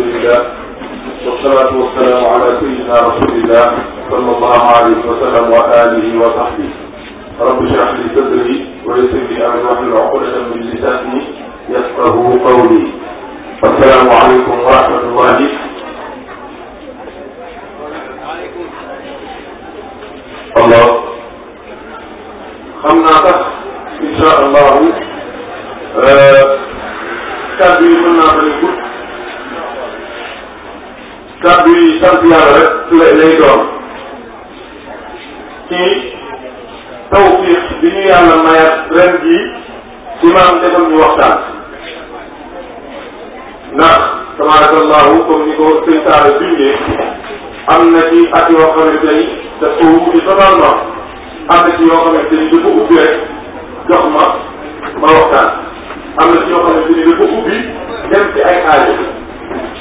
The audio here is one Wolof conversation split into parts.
alhamdulillah wasalaatu wasalaamu ala sayyidina rasulillah sallallahu alayhi wa sallam wa alihi wa sahbihi rabbi shrah li sadri wa yassir li amri wahlul uqdatan min lisani yafqahu qawli assalaamu alaykum wa rahmatullahi sant yàlla rek la lay doon ci tawfiq bi ñu yàlla mayat ren jii imaam defal ñu waxtaan ndax tabaraka allahu comme ni ko sëñ Saara bindee am na ci at yoo xamante ni daf ko wuti totalement am na ci yoo xamante ni dafa ubbi rek jox ma ma waxtaan am na ci yoo xamante ni dafa ubbi dem ci ay aajo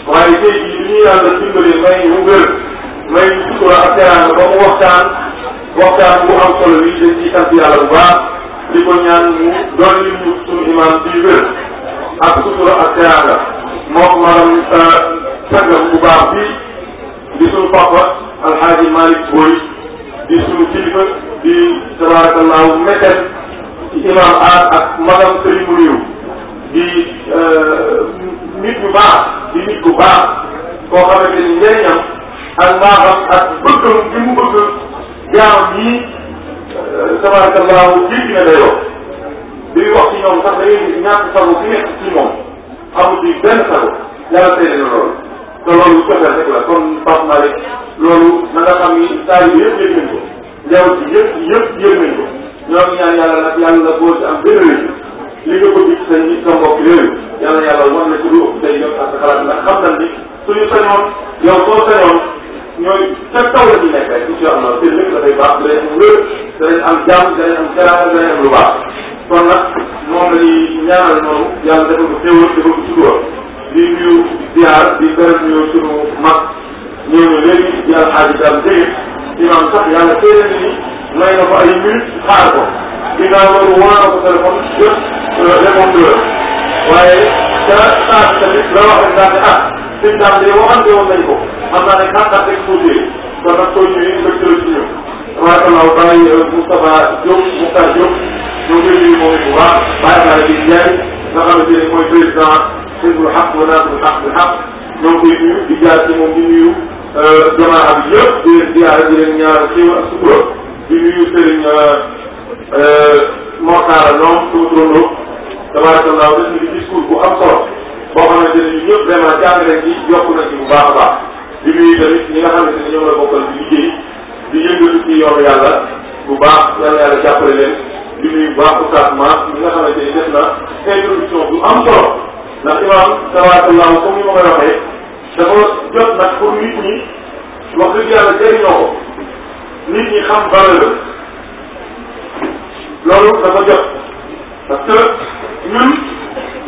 waaye tey ñu yàlla dimbali may wu wér may sutura ak teraanga ba mu waxtaan waxtaan bu am solo bi dañ ciy sant yàlla bu baax di ko ñaan mu doon li ñu suñu imaam bi wér ak sutura ak teraanga moom maanaam euh, sangam bu baax bi di suñu papa alxaaji Malick Boy di suñu kilifa di tabaarakallaahu méttal imaam aar ak magam sëriñ mu néew di euh, nit bu baax di nit bu baax koo xamante ni njëriñam ak maaxam ak bëggam gi mu bëgg jaam yi euh, tabarakallahu jiitu na dayoo bi wax ci ñoom sax da ngay gis ñàkk sago bi nekk ci moom amu ci benn sago yàlla la kon Pape Malick loolu na nga xam ni saa yu yëpp yëg nañ ko yow ci yëpp yëpp yëg nañ ko ñoo ngi ñaan yàlla nag yàlla boo ci am benn nga bëgg ci sa sa mbokk réew yàlla yàlla nga xalaat ndax xam suñu sañoon yow soo sañoon ñooy ca kaw la ñuy nekk rek incha allah seen lépp dafay baax danañ am wér danañ am jàmm danañ am teraanga danañ am lu baax kon nag moom la ñuy ñaanal noonu yàlla dafa ko xéewal dafa ko sutura di nuyu ziar di gërëm ñëw suñu mag ñëw na léegi yàlla xaaj daal dégg imam sax yàlla téye na ni may na ko ay minutes xaar ko ginnaaw loolu woo na ko téléphone yëpp euh, répondeur waaye ca saat tamit la wax rek daal ne ah sëñ daal de waxante woon nañ ko xam naa ne xaaral rek tuuti kon nag soo ñëwee mbégte la ci ñëw. tabarakallahu bàyyi Moustapha Diop Moukhtar Diop ñoo ngi nuyu moom it bu baax bàyyi naa la di jaay nga xamante ne mooy président Hizbul Haq wa Nasrul Haq bil Haq ñoo ngi koy nuyu di jaar di nuyu euh, di leen ziyaara di leen ñaar xiiw ak sutura di nuyu Serigne euh, euh, Mor Talla ñoom sama turandoo tabarakallahu def na discours bu boo xamante ni ñëpp vraiment jàngale ci yokku na ci bu baax a baax di nuyu tamit ñi nga xamante ne ñoom la bokkal di liggéey di yëngatu ci yoonu yàlla bu baax yàlla yàlla jàppale leen di nuyu bu baax oustaz Mass ñi nga xamante ni def na introduction bu am solo ndax imaam tabaarakallahu comme ni ma koy waxee dafa jot nag pour nit ñi wax dëgg yàlla jëriñoo ko nit ñi xam valeur loolu dafa jot parce que ñun.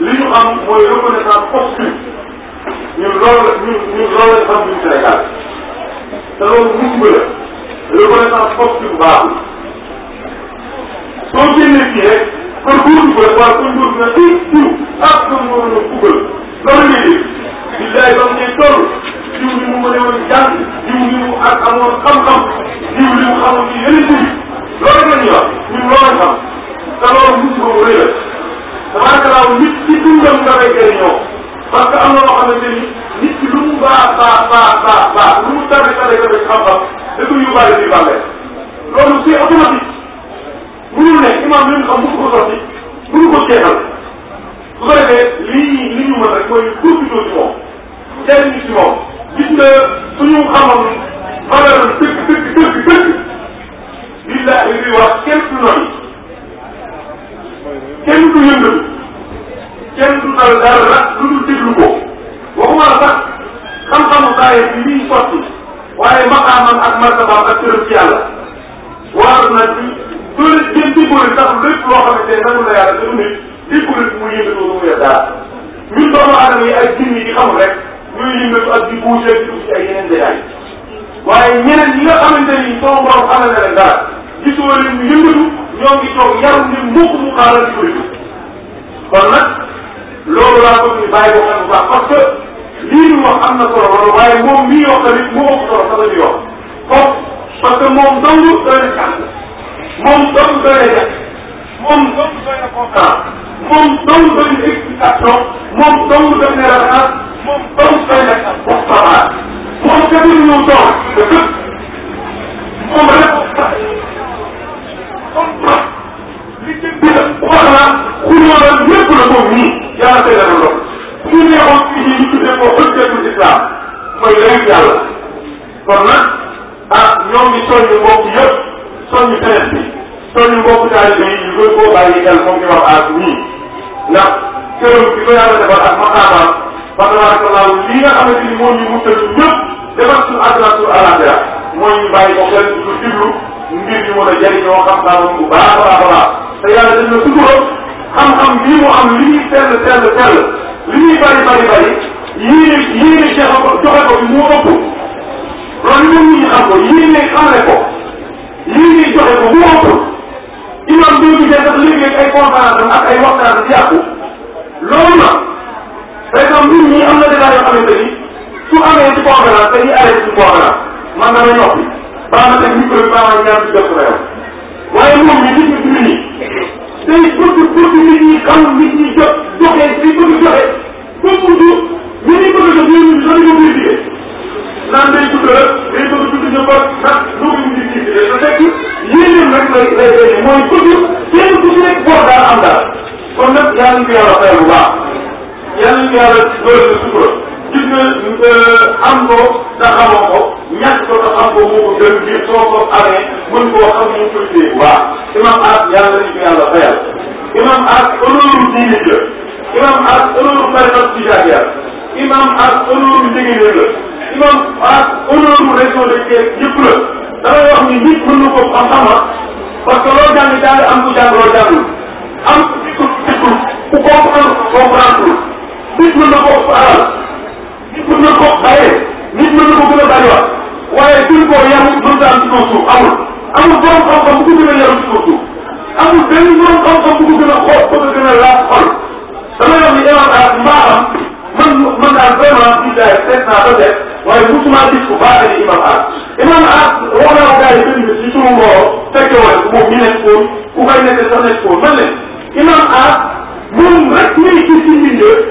li ñu am mooy reconnaissance posthume ñun loolu la ñun ñun loolu la xam ñun Sénégal te loolu musiba la reconnaissance posthume baaxul soo génnee fii rek kon góor bu bëri waaye kon góor bi nag ay jiw ah kon góor na dugal loolu ngay dégg billaay ba mu ngay toll jiw bi mu mën a woon jàng jiw bi mu ak amoon xam-xam jiw li mu xamoon ci yeneen jiw loolu la ñuy wax ñun loolu la xam te loolu musiba bu rëy la tabaarkalaaw nit ci dundam nga koy jëriñoo parce que am na loo xamante ni nit ki lu mu baax baax baax baax baax lu mu tàbbi tàbbi tàbbi xam-xam da koy yóbbaale di bàlle loolu c'est automatique mënul ne imaam li mu xam mënu ko sotti mënu ko jeexal su ko defee lii li ñu mën rek mooy profité ci moom jëriñu ci moom gis nga suñu xamam valeur dëgg dëgg dëgg dëgg billahi li wax kenn du noonu kenn du yëngal kenn du dal dara lu dul déglu ko waxuma la sax xam-xamu saayir bi liy sotti waaye maqaamam ak martabaam ak tërëm ci yàlla waar na ci doole kenn diggóori sax lépp loo xamante ne nangu na yàlla te nit diggóori bi muy yëngatu lu muy dara ñun doomu aadama yi ay jinn yi di xam rek ñuy yëngatu ak di bouger di dugg ci ay yeneen détail waaye ñeneen ñi nga xamante ni sama borom xamal na leen dara gisoo leen ñu yëngatu ñoo ngi toog yaram ni mukk mu xaaral di koy kon nag loolu laa bëgg ñu bàyyi ko xel bu baax parce que lii ñu wax am na solo loolu waaye moom mii wax tamit moo ëpp solo sax la ñuy wax kon parce que moom dong doy na jàng moom dong doy na jàng moom dong doy na constat moom dong doy na explication moom dong doy na référence moom dong doy na waxtaan moom tamit ñu doon de fépp moom rek comprendre li jëm bi la wax la xuloo la lépp la moom nii yàlla tey la doon su neexoon fii ñu tuddee ko xëjjatul islam mooy léegi yàlla kon nag ah ñoo ngi soññu mbokk yëpp soññu feneen bi soññu mbokk taalibe yi ñu gën koo bàyyi xel moom ñu wax aas nii ndax këram bi ko yàlla defal ak maqaamaam fa tabarakallahu li nga xamante ni moom ñu muccal ñëpp defal suñu àdduna suñu alaxira mooy ñu bàyyi ko xel ñu diglu ngir ñu mën a jëriñoo xam-xamam bu baax a baax a baax te yàlla def na sutura xam-xam bii mu am li ñuy sell sell sell li ñuy bari bari bari yéene yéene joxe ko joxe ko bi moo ëpp loolu ñun ñu xam ko yéene xamle ko yéene joxe ko moo ëpp imam bi ñu sax léeg-léeg ay conférence am ak ay waxtaan di yàqu loolu la par exemple ñun ñii am na débat yoo xamante ni su amee ci conférence dañuy arrêté ci conférence man dama ñoppi baal na micro bi baal na ñaar waaye moom ñu nit ñi nii day bëgg bëgg nit ñi xam nit ñi jot joxe day bëgg joxe ba mujj nit ñi bëgg jox ñoom ñu doon ko muy liggéey naan day tudd la day bëgg tudd ñu ko ndax dugg ñu nit ñi te fekk yéen rek lay lay lay mooy bëgg kenn ku ci nekk boo daal am daal kon nag yàlla ñu ko yàlla fayal bu baax yàlla ñu ko yàlla doole na sutura gis euh, nga am ko te xamoo ko ñàkk ko te xam ko moo ko gën ngir soo ko amee mën koo xam ñu koy dégg waa imam as yàlla nañu ko yàlla fayal imam as honneur diine la imam as honneur tariqa tijaniya imam as honneur njëgëjëf la imam as honneur région de Thiès yëpp la damay wax ni nit mën na ko xam-xam parce que loo jàng daal am ku jàng koo yar mënut a am ci kaw suuf amul amul borom xam-xam bu ko gën a yaru ci kaw suuf amul benn borom xam-xam bu ko gën a xool bëgg gën a laaj xol dama yor ni yow daal mbaaxam man man daal vraiment si jaay seet naa ba def waaye musuma gis ku baaxee ni imam aar imam aar wax naa gars yi benn ci sunu mbooloo fekke woon moom mi nekk woon ku koy nekk sax nekk woon man ne imam aar moom rek ngay gis ci mbir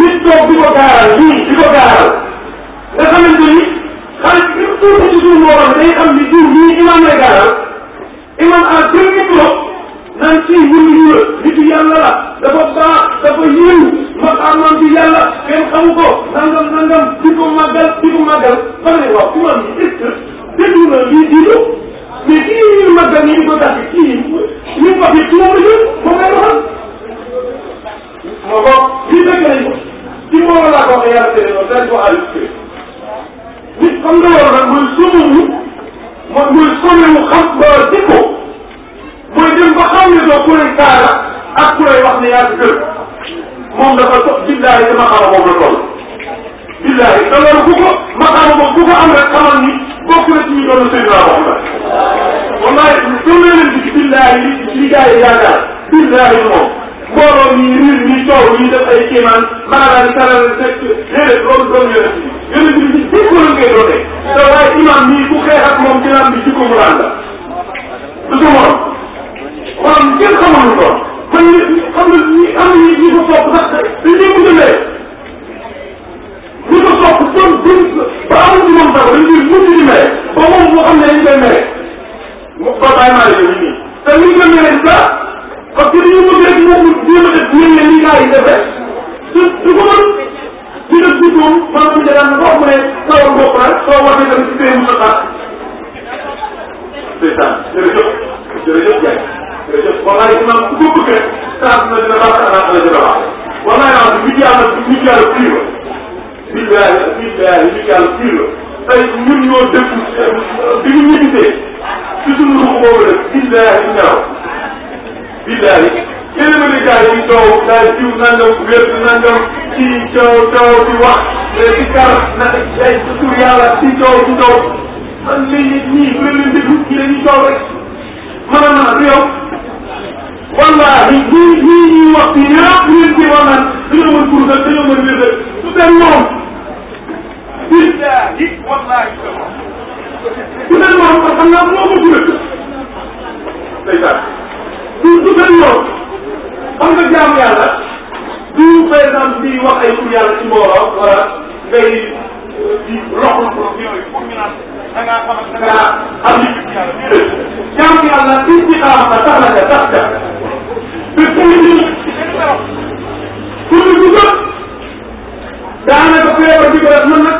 nit toog di ko gaaral lii di ko gaaral nga xamante ni xaalis bi ñu tuur ko ci suuf moo tax day xam ni jiw ñii imaam lay gaaral imaam en premier bloc naan ci wëndu ñu la nitu yàlla la dafa baax dafa yiw maqaamam bi yàlla kenn xamu ko nangam nangam di ko màggal di ko màggal ba ne waaw imaam bi est ce déglu na lii diido mais kii yi ñuy màggal ñu ko tax kii ñu wax yi ci moom la jëm moom lay waxal moo ko lii dëgg nañ ko ci moom laa ko waxee yàlla tëddee noonu dañ ko àll nit xam nga loolu nag mooy sóobu mooy mooy sóobu xam ba jikko mooy dem ba xam ne doo ku lay kaala ak ku lay wax ne yaa ngi gën moom dafa so billahi te maxaama moom la toll. billahi te loolu ku ko maxaama moom ku ko am rek xamal ni bokk na ci ñu doon sëñ laa wax la. wallaay soo leen di billahi li gars yi yaakaar billahi moom. mbooloo mi riir mi coow ñuy def ay kiimaan maanaam kanam fekk léeg-léeg loolu doon yonent bi yonent bi ci jikko la koy doonee te waaye imaam mii ku xeex ak moom ci naan bi jikko mu daan la du ko morom xolam kenn xamul lu doon kon ñu xam nga ñi am ñi ñi ko topp sax dañ leen ko jëndee ñi ko topp doon buñ ba amul ci moom sax dañ leen mujj di mere ba moom moo xam ne dañ koy mere mu ba bàyyi maa leen nii te li ñu koy mere sax parce que dañu bëgg rek moo ko jéem a def mel ne li gars yi def rek su su ko mën di def si doom maanaam mu jëlaat nga wax mu ne sawar bopp rek soo war a dem si seen musaqa c'est ça jërëjëf jërëjëf Ndiaye jërëjëf wallaay imam ku ko bëgg rek saa dina dina baax ana ana dina baax wallaay wax bi yàlla bi yàlla fii la billahi billahi bi yàlla fii la tey ñun ñoo dëkk bi ñu ñibisee si suñu ruux boobu rek billahi ñaaw billahi yeneen i gars yi coow daal jiw nangam wér nangam ci coow coow ci wax ci kar na ay tur yàlla ci coow ci coow man léegi ñii bu leen déglu ñi dañuy coow rek mën a mën a yow wallaahi ñii ñii ñuy wax ci ñaar ñu leen ci war naan dañoo mën pour nag dañoo mën wér su dem moom billahi wallaahi su dem moom xam naa moo ko tuddee du du mel noonu xam nga jaamu yàlla du par exemple di wax ay tur yàlla ci mbooloo wala ngay di loxo yooyu pour ñu naan da ngaa xam da ngaa am li jaamu yàlla istixaama la tax na ca tax ca te pour ñu pour ñu ko daanaka feebar bi ko def man nag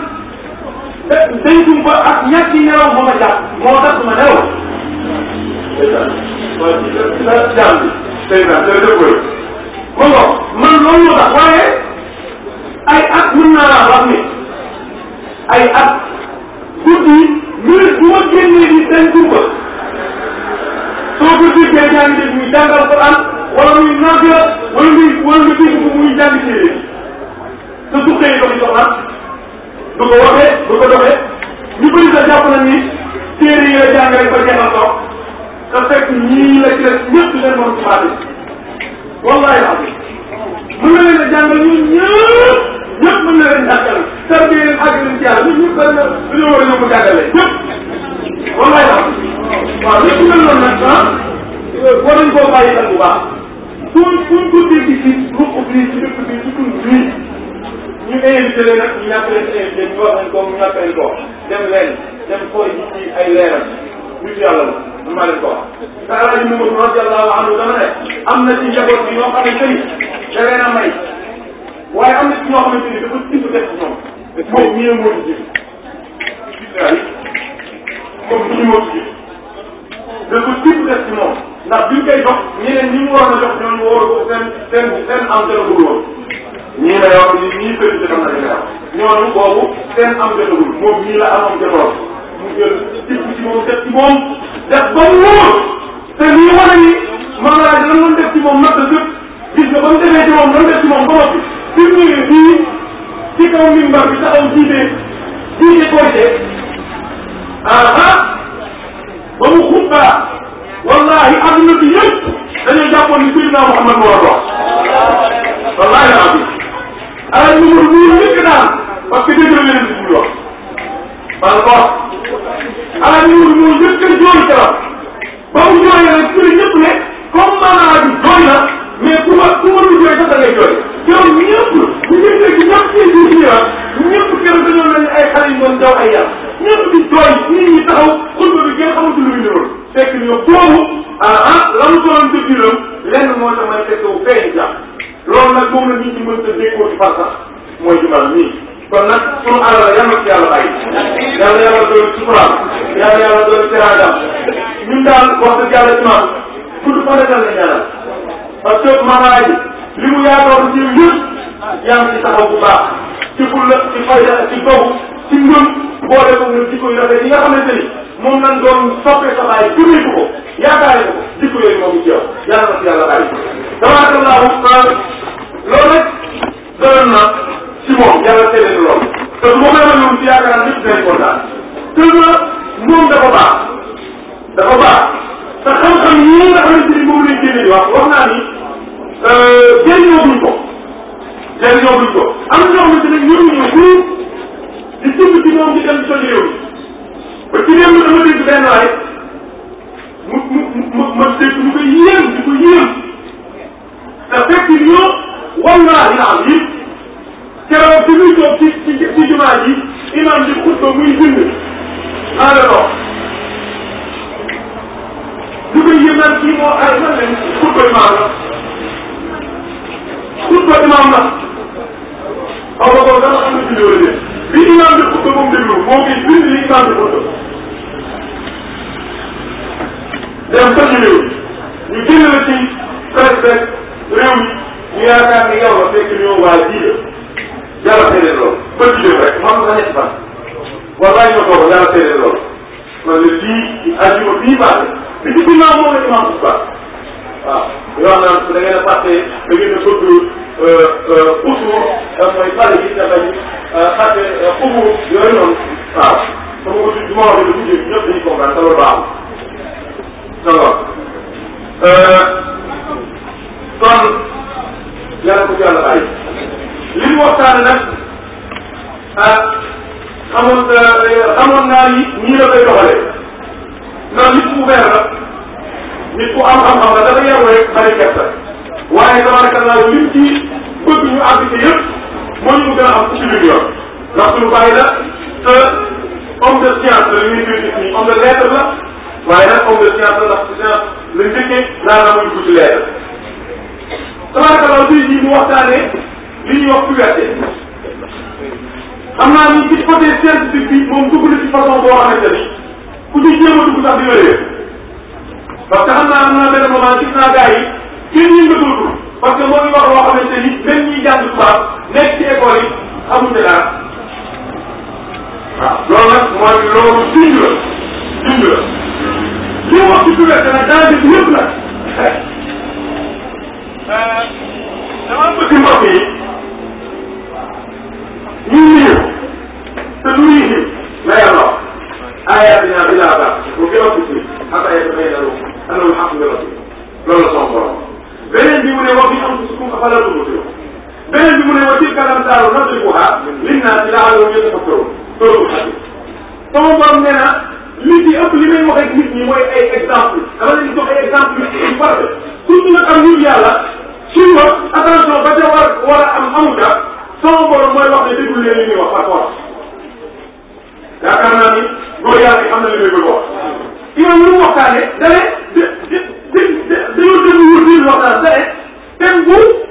dencum ba ak ñàkk yi nelaw moo ma jàpp moo tax ma nelaw man loolu moo tax waaye ay at mën naa laa wax ni ay at guddi minute bu ma génnee di seen turba soo ko déggee jàng di muy jàng alquran wala muy nag wala muy wala nga dégg ko muy jàng téere te su xëyee ko di soxla du ko waxee du ko doxee ñu bëri sax jàpp nañ ni téere yi la jàng rek ba jeexal ko te fekk ñii la ci def ñëpp leen moom ci baati wallahi la mën na leen a jàngal ñun ñëpp ñëpp mën na leen jàngal tarbiyee leen àgg leen ci yàlla ñun ñëpp dañ dañoo war a ñëw ko jàngalee ñëpp wallahi la waaw ñëpp mel noonu nag ah war nañ koo bàyyi xel bu baax pour pour pour dégg ci ruq bi ci dëkk bi ci tund bi ñu invité leen nag ñu ñàkk leen invité ñu wax nañ ko ñu ñàkk leen ko dem leen dem xool ci ay leeral nit yàlla la man maa leen ko wax. te alaaji Mamadou radiyallahu anhu dama ne am na ci njaboot bi ñoo xamante ni da leen a may waaye am na ci ñoo xamante ni dafa tibb def ñoom. moom ñëwee moo di jiw. moom ñëwee moo di jiw. dafa tibb def ci moom ndax biñ koy jox ñeneen ñi mu waroon a jox ñoom wóor ko seen seen seen entretien woon. ñii lay wax ñii ñii bëri xam na li nga wax ñooñu boobu seen am jotagul moom ñii la amoon jotoon mu jël tibb ci moom def ci moom def ba mu te lii wane ni Maam Laay lan doon def ci moom natt lépp gis moom ba noppi fi bi taxaw jiite jiite korite aha ba mu xutbaa wallahi adduna bi yëpp dañoo jàppoon ni Seydina Muhammad moo la wax naan parce que dégg na leen li muy wax par alal yu ñu njëkk a jooy garab ba mu jooyee rek ci la ñëpp ne comme maanaam bi jooy na mais ku ma ku ma lu jooy sax da ngay jooy yow ñëpp bu njëkkee ci ñax seen biir ñëwaat ñëpp kenn dañoo mel ni ay xale yu doon daw ay yàlla ñëpp di jooy nit ñi taxaw xutba bi kenn xamatu lu muy niroon fekk ñu boobu ah ah la mu doon dëggiram lenn moo tax may fekk wu feeñ jàpp loolu nag moom la nit ñi mën a déggoo ci farsa mooy jumal nii kon nag sunu alal yàlla ci yàlla bàyyi yàlla yàlla doon suturaam yàlla yàlla doon teraangam ñun daal wax dëgg yàlla ci maam gudd fa nekkal la ñaanal parce que li mu yaakaar ci yëpp yaa ngi ci taxaw bu baax ci fulla ci fayda ci dogu ci ngëm ko nga jikko yu rafet yi nga xamante ni moom lañ doon soppee sa baay jëmee ko ko yaakaare ko jikko yooyu moom ci yow yàlla na ci yàlla bàyyi tabaarakallahu loolu na ci moom yàlla séddale lool te bu ma koy waxee woon ci yaakaar naa ñëpp dinañ kontaan te moom dafa baax dafa baax te xam-xam yii nga xamante ni moom lañ génne di wax wax naa ni jëriñoo euh, buñ ko jëriñoo buñ ko am na ñoo xamante ne ñoom ñoo guur di jënd ci moom di dem seen réew mi ba ci réew mi dama dégg benn waay mu mu mu ma dégg mu ko yéem di ko yéem te fekk ñoo wallahi la am yëpp keroog fi muy toog ci ci ci jumaa ji imam di xutba muy bind xaalaloo du ko yëg naan kii moo ay na leen xutba imaam la xutba imaam la xaw ma ko dama am na vidéo bi imam di xutba moom déglu moo ngi bind li imam di xutba waxtaanee da ne da da dañoo déglu wóor biir waxtaan da ne thème bu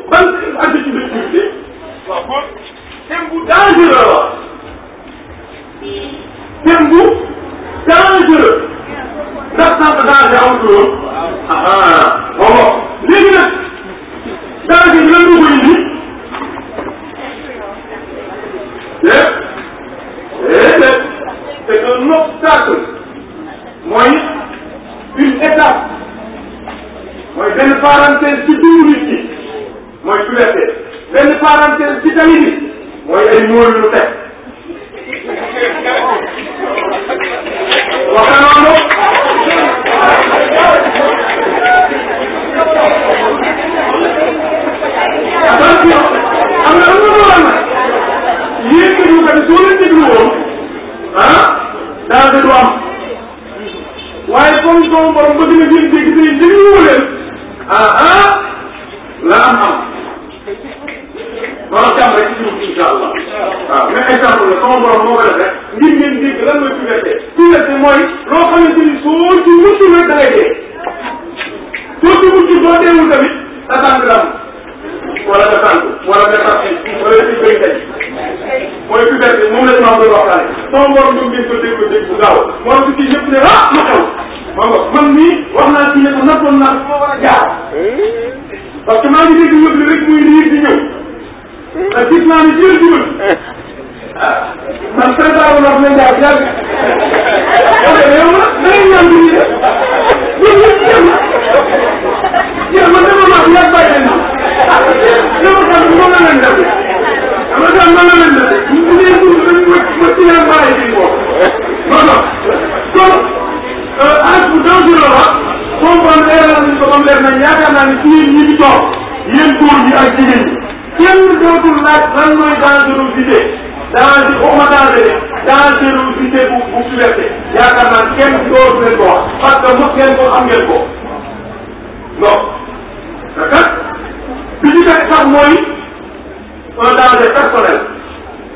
son danger personnel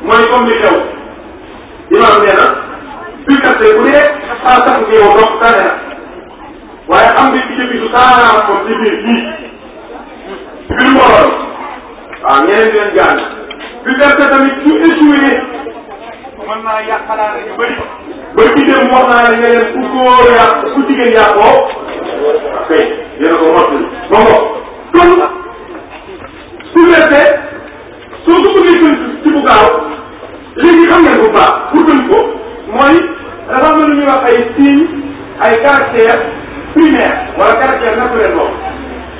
mooy comme li xew imam nee na puccaté bu dee saa sax bi yow donc tane na waaye xam nga ci jëppi i saaraam moom ci biir bii biir mbooloo waaw ñeneen di leen gaañ puccaté tamit su échoué mën naa yàqalaale yu bëri ba ci dem wax naa ne ñeneen ku góor yàq ku jigéen yàqoo ok yéen a ko ay caractère primaire wala caractère naturel moom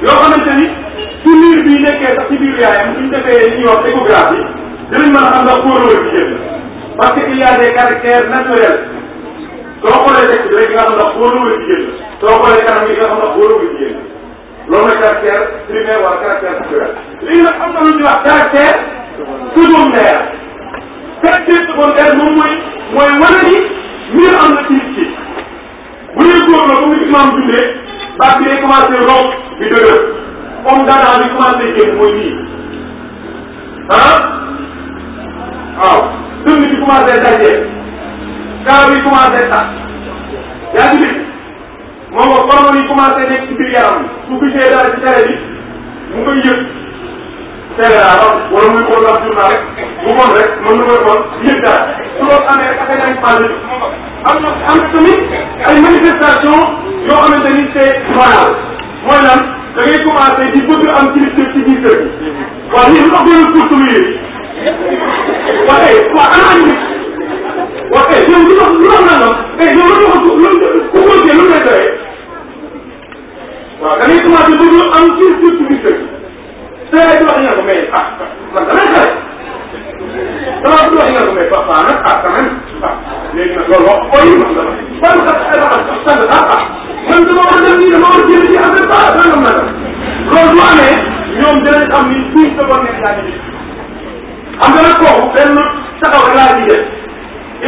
yoo xamante ni su liir bi nekkee sax ci biir yaayam suñ defee li ñuy wax échographie dinañ mën a xam ndax góor wala jigéen parce que il y a des caractères naturels soo xoolee texte bi rek nga xam ndax góor wala jigéen la soo xoolee kanam gi nga xam ndax góor wala jigéen la loolu mooy caractère primaire wala caractère naturel léegi nag am na lu ñuy wax caractère secondaire caractère secondaire moom mooy mooy wane ni mbir am na ci bu dee góor la bu ñu imaam jullee baat bi day commencé rop di dëgër comme danaa bi commencé jëm mooy nii ah waaw dënn bi commencé dajee kaa bi commencé tax yaa ngi dégg moom hormones yi commencé nekk ci biir yaram bi su gisee dara ci tere bi mu koy yëg fédéral wala muy ko ndax journal bu bon rek mën na koy bon yëg dara su loolu amee affaire yaa ngi passé am na am na tamit ay manifestation yoo xamante ni c'est banal mooy lan da ngay di bëgg am kilifteef ci biir kër gi waaw lii lu tax gënal pour sama yéen waxee eh, waa ana añ bi waxee ku ko jël lu ngay doyee waaw da ngay commencé bëgg am kilifteef ci dana laaj wax nga ko mais ah man damay xale damaa bëgg wax nga ko mais papa nag ah quand même ah léegi nag loolu wax ooy man dama ban xas ay waxal sax sant ah ah man dama war a def nii dama war a jënd ci affaire ba nangam nangam loolu bu amee ñoom dinañ xam ni suñ sa bor nekk yaa ngi xam nga nag kooku benn taxaw rek laa ci def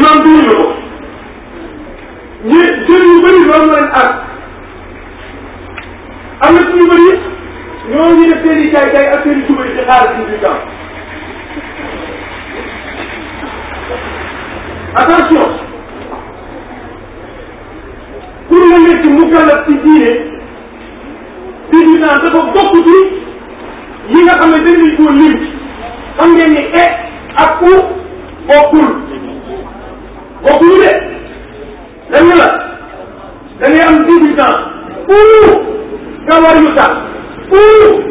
imam duñu ko ñu jeunes yu bëri ñuy def seen i jaay jaay ak seen i suba yi di xaar dix-huit ans attention pour nga nekk mukallaf ci diine dix-huit ans dafa bokk nga xam ne dañ leen koo lim xam e ak u bokkul bokkul de dañ la da ngay am dix-huit ans yu tax pour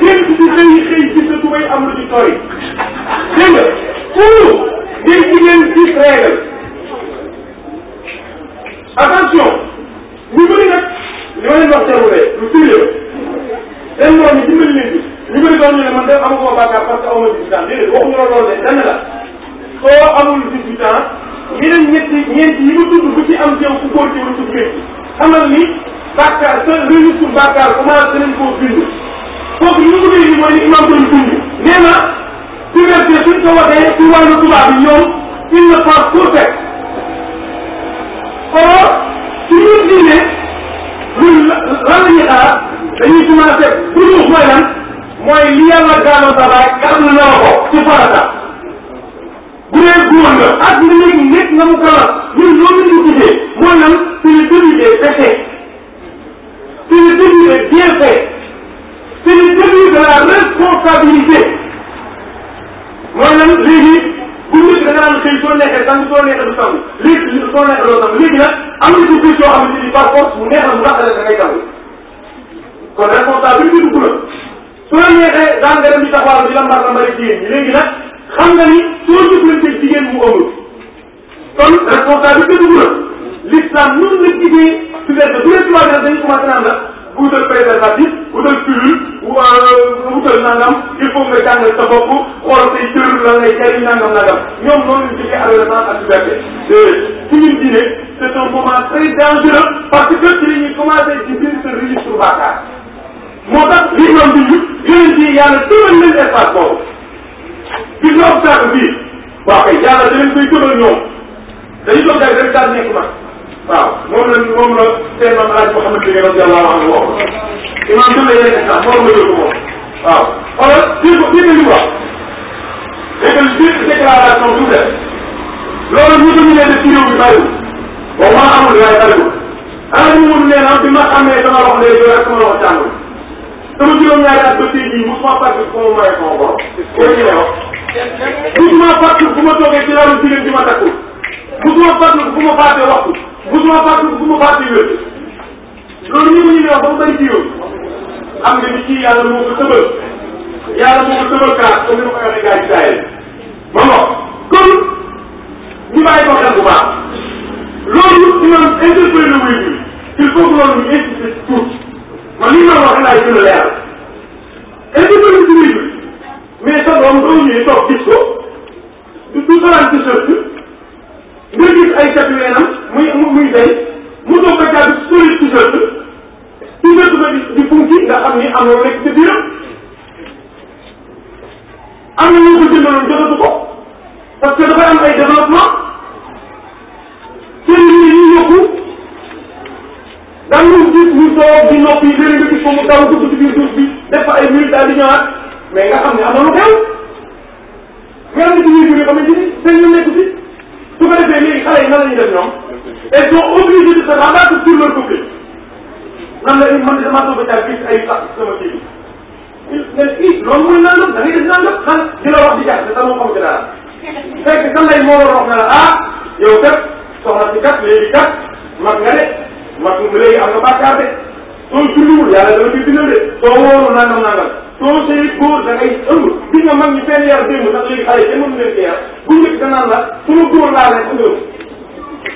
dégg di xëy xëy gis na du may am lu ñu tooy dégg nga pour dégg ngeen gis régal attention ñu bëri nag li ma leen wax teewulee lu sérieux dañ doon ñu dimbali leen bi ñu bëri doon ñu ne man de amaguma bàkkaar parce que aw ma dix-huit ans déedéet waxuñu la loolu de dana la soo amul dix-huit ans yeneen ñetti ñeenti yi ma tudd bu ci am teew ku góor ci wala tudd métti xamal ni bàkkaar sa registre bàkkaar commencé nañ koo bind kooku ñu ko dégg mooy ni imam doon bind nee na puberté suñ ko waxee ci wàllu tubaab bi ñoom il ne pense qu'au sexe or su ñu diine loolu lan la m xaar dañuy commencé toujours mooy lan mooy li yàlla daanoo sa baay nga xam ne na la ko ci farata bu dee góor nga ak li léegi nekk nga mu kalas ñun loolu ñu gisee mooy lan c'est le débuté pété c'est le début des bienfaits c'est le début de la responsabilité mooy lan léegi bu njëkk da nga daan xëy soo nekkee sang soo nekkee du sang léegi soo nekkee doo sang léegi nag am na ci bés yoo xam ne par force mu neex la mu naqare da ngay sang kon responsabilité dugg na su la neexee daan nga dem di taxawal di lambar lambari jigéen ñi léegi nag xam nga ni soo jëflante jigéen mu ëmb kon responsabilité dugg na l'islam noonu la gisee su dee ba deux trois ans dañu commencé naan la wutal préservatif wutal pilule wutal nangam il faut nga jàngal sa bopp xool say cër lan lay jëriñ nangam nangam ñoom noonu lañ gisee adolescence ak puberté ci ñun diine c'est un moment très dangereux parce que ci la ñuy commencé ci biir sa registre bàkkaar moo tax li ñoom di ñu yeneen ci yàlla tëral leen espace boobu bi ñu obstacle bii waaw kay yàlla da leen koy tëral ñoom dañu toog rek daal nekk mag waaw moom la moom la seen maam alaaj Mouhamed Ndieguène radiyallahu anhu wax imam bi la yeneen sax moom la yóbbu moom waaw xoolal dégg ko dégg li mu wax déggal dégg déclaration bi mu def loolu ñu ko mënee def ci réew mi bariwul bon maa amul waaye bariwul alaaj mu mun nee naa bi ma amee sama wax lay joxe ak sama wax jàngul sama juróom-ñaari at ba tey jii mosuma fàttali ko ma mayee sama borom loolu ci lay wax mosuma fàttali bu ma toogee ci laaru jigéen bi ma takkul mosuma fàttali bu ma fàttee waxtu bëgguma fàtte bëgguma fàtte wér loolu ñu ngi wax ba mu bay jiw xam nga ni kii yàlla moo ko tëbal yàlla moo ko tëbal kaas comme ni ma ko waxee gars yi saa yi ma ngox kon ñu bàyyi ko xel bu loolu dinañ interpellé na wuyu bi il faut que loolu ñu insisté li ñu doon wax laay gën a leeral interpellé ci wuyu bi mais sa doom doo ñëwee toog gis ko du du solaan ci sëb nga gis ay catu weenam muy muy mu toog ba jàpp solide t-shirt t-shirt di funki nga xam ni am na lu nekk ci am na ñu ko jëndaloon jotatu ko parce que dafay am ay développement seen nit ñi ñuy yokku daan ñu gis ñu toog di noppi léeg nga gis ko mu daw dugg ci biir duus bi def fa ay minutes daal di ñëwaat mais nga am na lu xew nga xam ne ci ñuy su ko defee léegi xale yi nan la ñuy def ñoom ils sont obligés de se rabattre sur leur bouclier nan la man de damaa toog a gis ay sax sama kii bi mais fii loolu mooy nangam da ngay def nangam xan di la wax di jaxase sama xamu ci dara fekk kan lay moo war a wax ne la ah yow kat soxna si kat léegi kat mag nga de mag léegi am nga bàkkaar de soo julliwul yàlla dama ciy bindal de soo wóorul nangam nangam soo see góor da ngay ëmb gis nga mag ñi seen yar démb ndax léegi xale yi mënu leen ci yar bu njëkk da naan la su ma góor laa rek ëmb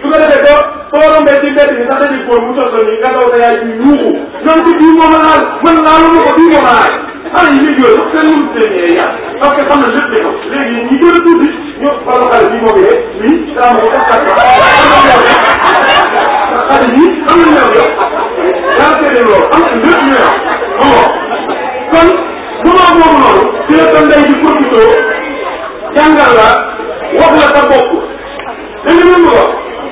su ko defee soo soo rombee ci mbedd bi sax dañuy góor mu soxla nii nga daw sa yaay ci yuuxu nan ko bii moom laal man laalu ma ko bii nga maay xale yi ñu jël sax seen mënu seen yee yar parce que xam na lépp de ko léegi ñu gën a tuuti ñoo wala xale bi moom yee lii saa ma ko sax xale yi xam nañ leen loolu am na ñëpp ñu kon moment boobu noonu ci la sa ndey di profité jàngal la wax la sa bopp dañu mën ko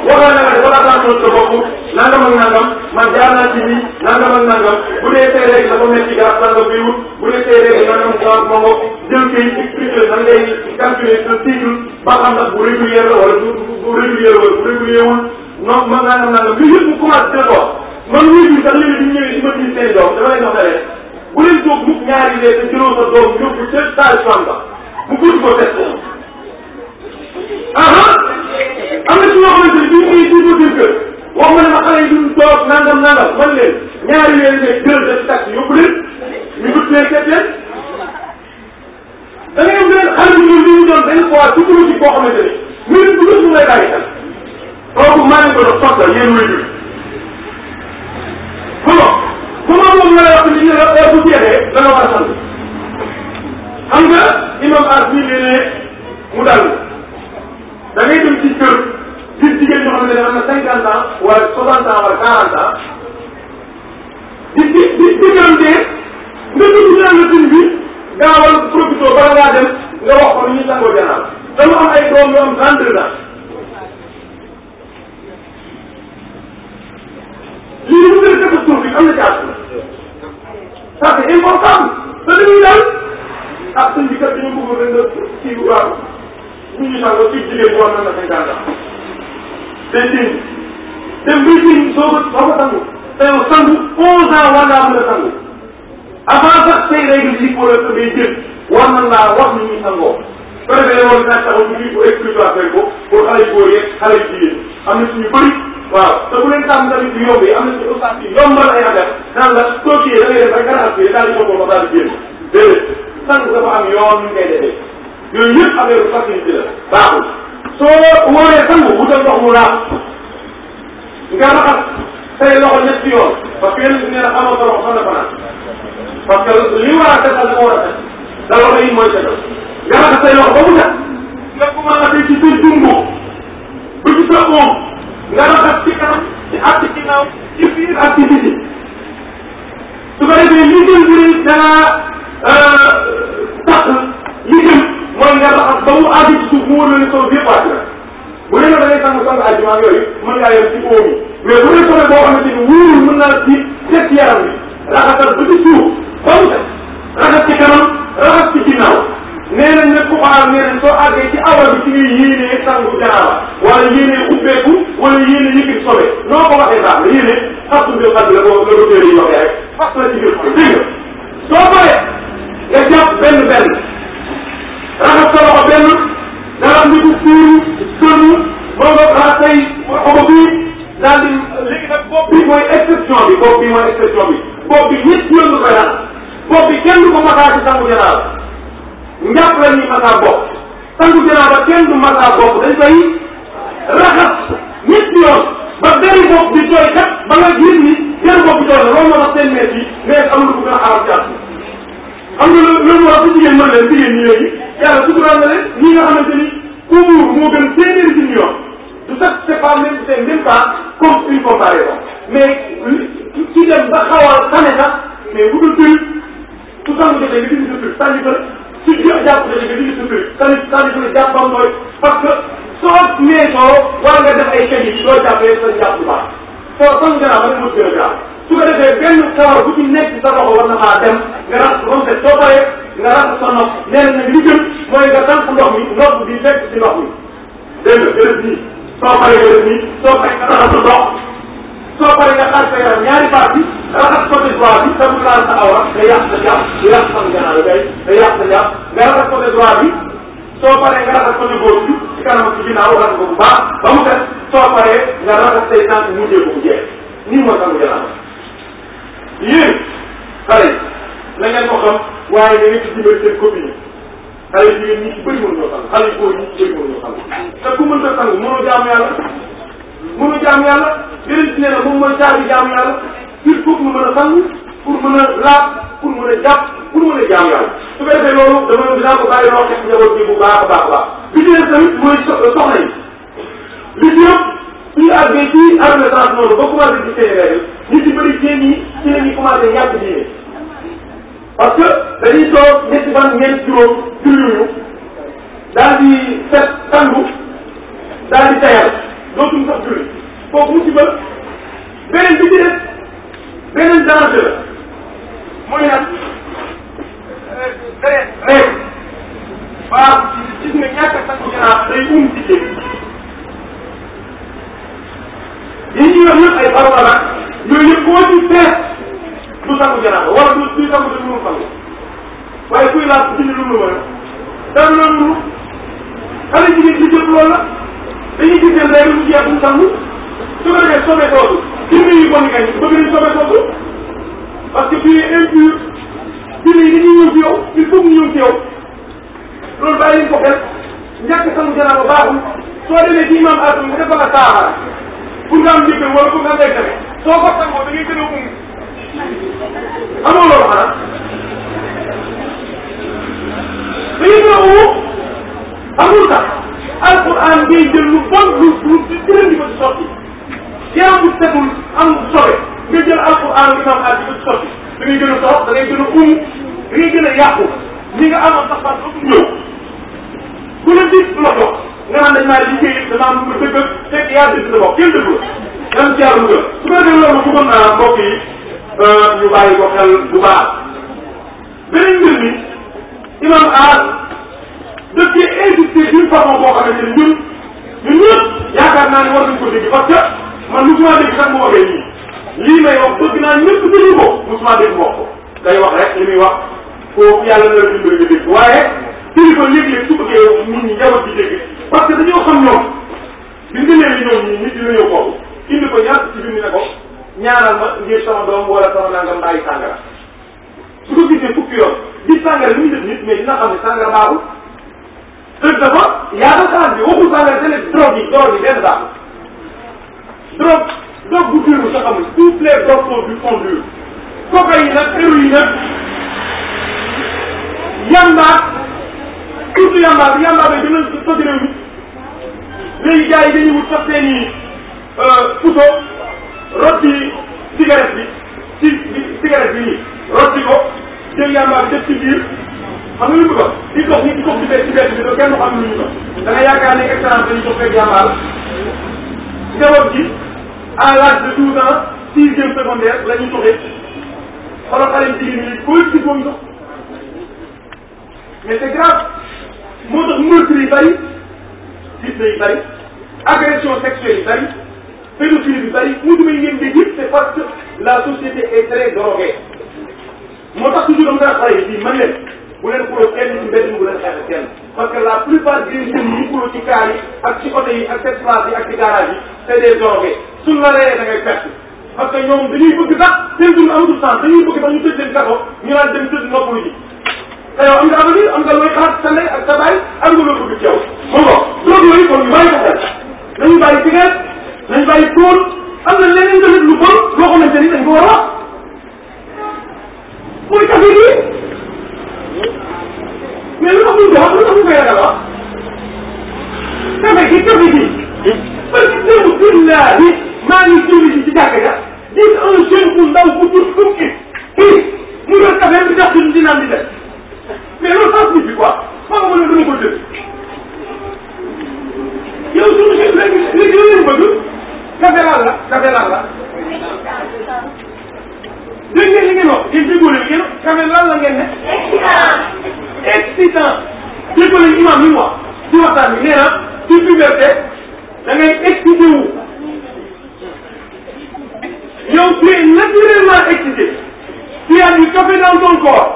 wax la nga ne dafa attention sa bopp nangam ak nangam man jaar naa ci lii nangam ak nangam bu dee tey rek dafa mel ci garab sangam bi wut bu dee tey rek nangam garab mongo jël kay expliqué nan ngay calculer sa cycle ba xam ndax bu régulier la wala bu bu régulier wala bu régulier wul non man nangam nangam bi yëpp mu commencé dina ko wax man wuyu bi sax léegi ñu ñëwee ma gis seen doom dama lay jox nawet bu leen toog mukk ñaari lee te jëloo sa doom yóbbu ca sage-femme ba mu gudd ko test aha am na ci ñoo xamante ni biñ ñëwee ci biir kër wax ma ne ma xale yi duñ toog nangam nangam man leen ñaari lee ne jël sa tax yóbbu leen ñu gudd leen seet leen da ngay am benn xale bu ñuul li ñu doon benn fois surtout ci koo xamante ni minute bu gëstu lay bàyyi xel kooku maa ngi ko doon soxla yéen wuyu xuma xuma moom la wax li ñu la heure bu jeexee dana war a sant xam nga imam as mi ne mu dal da ngay dem ci kër gis jigéen ñoo xam ne am na cinquante ans wala soixante ans wala quarante ans di di di diggante nga dugg naan la bi gaawal profito bala ngaa dem nga wax ko ni ñuy sangoo janaal dama am ay doom yu am 32 ans li ñu gën a dëkk suuf bi am na caa ça c'est important te dañuy daal ah sëñ bi kat dañu bëgg a dënd kii waaw ñu ñu sànq ci jigéen war na la fay daal day tiim dem bay tiim soo ko soo ko sangu te yow sangu onze ans war naa mën a sangu avant sax say règle yi wala sa ngay jël war na laa wax ni ñuy sangoo su ko defee loolu daal taxaw ñu ngi ko exclure ko pour xale yu góor yeeg xale yu jigéen am na suñu bëri waaw te bu leen tàmm tamit bu yóbbee am na ci ustaas yi yombal ay affaire naan la soo kii da ngay def rek gànnaaw kii daal di ko boppam daal di génn déedéet sànq dafa am yoon ñu koy defee yooyu yëpp affaire facilité la baaxul soo wóoree sangu wutal ndox mu laaf nga raxas say loxo ñetti yoon parce que yéen nee na amal solo fan la fanaan parce que li war a setal moo war a set da loxo yi mooy setal nga raxas say loxo ba mu set nga commencé ci sa jumbo ba ci sa oom nga raxas ci kanam ci àtt ci ginnaaw ci biir ak ci biti su ko defee li gën bu ne danaa euh, tax li gën mooy nga raxas ba mu àgg ci suuf mu wóor la ne soo biir wàcc la bu dee nag da ngay sànq sànq ajjuma yooyu mën ngaa yem ci oom yi mais bu dee côté boo xamante ni wóorul mën naa ci seet yaram bi raxasal ba ci suuf ba mu set raxas ci kanam raxas ci ginnaaw nee nañ nag Alxuraan nee nañ soo àggee ci awal bi ci ngay yéenee sangu janaaba wala yéenee ubbeeku noo ko waxee baax la yéenee fàttu bi xam la la ko téere yi waxee rek fàttu la ci biir ko dégg nga soo paree nga jàpp sa loxo benn dara ndiku suuru sënu moo nga raxas say xobo bi daal di léegi nag bopp bi exception bi bopp bi exception bi bopp bi ñett yoon nga koy kenn du ko maxaati sangu janaaba njàpp la ñuy masaa bopp sangu a kenn du masaa bopp dañ koy raxas ñetti yoon ba deri bopp di tooy kat ba nga gis ni deri bopp di tooy la loolu moo tax yi mees amul ko gën a xaram jàpp xam nga loolu war su jigéen mën leen jigéen ñi yooyu yàlla suturaal na leen ñi nga xamante ni ku muur moo gën téeméeri junnion du sax c'est pas même c'est même pas comme une comparaison mais ci dem ba xawal xane sax mais bu dul tuuti su sangu jotee nga gis nga tuuti sànni ci jëf jàpp dëgg bi ñu sukkandiku sànni sànni jàppam mooy parce que soo meesoo war nga def ay kër yi soo jàppee sa jàpp bu baax soo soog gën a mën a mën gën a gaaw su ko defee benn kawar bu ci nekk sa loxo war na maa dem nga raxas ba mu set soo paree nga raxas sa nopp nee na li gën mooy nga tànk ndox mi ndox bi fekk ci ndox mi dégg nga gërëm nii soo paree gërëm nii soo paree nga raxas sa ndox soo paree nga xaar sa yaram ñaari baax bi raxas côté droit bi te mu laal sa awra day yàq sa jàpp day yàq sa njanaay day day yàq sa jàpp nga raxas côté droit bi soo paree nga raxas côté góor bi ci kanam ak ci ginnaaw raxas ko bu baax ba mu set soo paree nga raxas say tànk mu jéego bu jeex nii mooy sangu janaaba yéen xale yi na ngeen ko xam waaye da ngeen ci dimbali seen copine xale jigéen ñi ci bëri mënuñoo sang xale góor ñi ci bëri mënuñoo sang te ku mënta sang mënoo jaamu yàlla mënu jaamu yàlla yonent nee na moom mooy caabi jaamu yàlla il faut ñu mën a sangu pour mën a laab pour mën a jàpp pour mën a jaamu yàlla su ko defee loolu dama dinaa ko bàyyi loo xeex bi bu baax a a baax bi ci des tamit mooy euh, soxna yi li ci yëpp suñu àggee ci adolescence noonu ba commencé ci seen règle ñu ci bëri seen yi ci la ñuy commencé ñàkk diine set sangu daal di dootuñ sax julli kooku musiba beneen bi ci des beneen danger la mooy nag deret rek baax ci gis nga ñàkk a takku janaax day um ci jéem yi ñuy wax yëpp ay barabara yooyu yëpp koo ci seet du takku janaax wala du du takku dañu mun xam waaye kuy laaj julli lu mu mën dara loolu xale jigéen ci jël loolu la dañuy gis ne léegi lu ci yàgg sangu su ko defee sobe soosu jinne yu bon kay bëgg nañ sobe soosu parce que fii impur jinne yi dañuy ñëw ci yow il faut ñu ñëw ci yow loolu bàyyi leen ko xel ñàkk sangu janaaba baaxul soo demee ci imam atum mu defal la saafara pour nga am njëkk wala pour nga am ay jafe soo ko sangoo da ngay gën a um amoo loolu xanaa da ngay gën a um amul sax alquran ngay jël lu bon lu lu lu gën di ko ci sotti yaram bu setul am sobe nga jël alquran li nga xam di ko ci sotti da ngay gën a torox da ngay gën a um da ngay gën a yàqu li nga amoon sax sax dootul ñëw ku la gis la ko nga naan dañ maa liggéey dama am lu dëgg fekk yaa gis sa bopp kenn dëgg la dam ci yàlla dugal su ko defee loolu bëggoon naa mbokk yi euh, ñu bàyyi ko xel bu baax beneen mbir mi imam aar daf cee invité d'une façon boo xamante ne ñun ñun ñëpp yaakaar naa ne war nañ ko dégg parce que man musuma dégg sax mu waxee nii lii may wax bëgg naa ñëpp déglu ko musuma dégg wax ko day wax rek li muy wax foofu yàlla na la dimbali nga dégg waaye déglu ko léeg-léeg su bëggee nit ñi njaboot bi dégg parce que dañoo xam ñoom bi nga leen di ñëw ñii nit dina ñëw foofu indi ko ñaar ci biir ne ko ñaanal ma ngir sama doom wala sama nangam bàyyi sàngara su ko gisee fukki yoon gis sàngara li muy def nit mais dina xam ne sàngara tout d'abord yaa ko changé waxul changé te ne drogue yi drogue yi benn baaxul drogue drogue bu dure bu sa xamul toutes les drogues sont dures sont dures cocaïne ak héroïne ak yamba surtout yamba bi yamba bi dinañ ko réew mi léegi gars yi dañuy wut sax seen i puso e, rotti cigarette bi ci cigarette bi nii rotti ko jël yamba bi def ci biir. xam nga li mu doon di dox nit dox ci benn ci benn bi ba kenn xam lu ñu doon da nga yaakaar ne excellence dañuy dox rek jàmbaar njaboot gi à l'âge de douze ans sixième secondaire la ñuy doxee xoolal xale yu jigéen ñi koo ci moom dox mais c'est grave moo tax meurtre yi bari viol yi bari agression sexuelle yi bari pédophilie bi bari mutuelle yi ngeen dégg yëpp c'est parce que la société est très droguée moo tax toujours am nga xale yi fii man leen bu leen xuloo kenn ci mbedd mi bu leen xeex kenn parce que la plupart des jeunes ñu xuloo ci kaar yi ak ci oto yi ak seen place yi ak ci garage yi c'est des drogués suñ la reyee da ngay perte parce que ñoom dañuy bëgg sax seen dund amatul sens dañuy bëgg sax ñu tëj seen kaso ñu naan dem tëdd noppalu ji te yow am nga avenir am nga looy xalaat sa ndey ak sa baay am nga loo bëgg ci yow mu ngo drogue yooyu kon ñu bàyyi ko xel nañu bàyyi cigarette nañu bàyyi póol am na leneen tamit lu bon loo xamante ni dañ ko war a wax mooy café gi mais lu amul dox lu amul koy ragal wax tamit ki tamit ji parce que démb billaahi maa ngi julli ji ci jàkk ja gis un jeune bu ndaw bu jur fukki fii mu yor café bi tax suñu dinaan di def mais loolu sens bi quoi xam nga ma ne dama ko jël yow suñu léegi léegi léegi bëgg café lan la café lan la dégg ngeen li ngeen wax yéen déggoo leen yéen xam ne lan la ngeen ne. excitant. excitant déggoo leen imam li mu wax ci waxtaan bi nee na ci puberté da ngay excité wu yow tu es naturellement excité tu as du café dans ton corps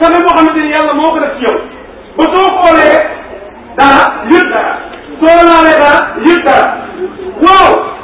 café boo xamante ni yàlla moo ko def ci yow ba soo xoolee dara yëpp dara soo laalee dara yëpp dara waaw.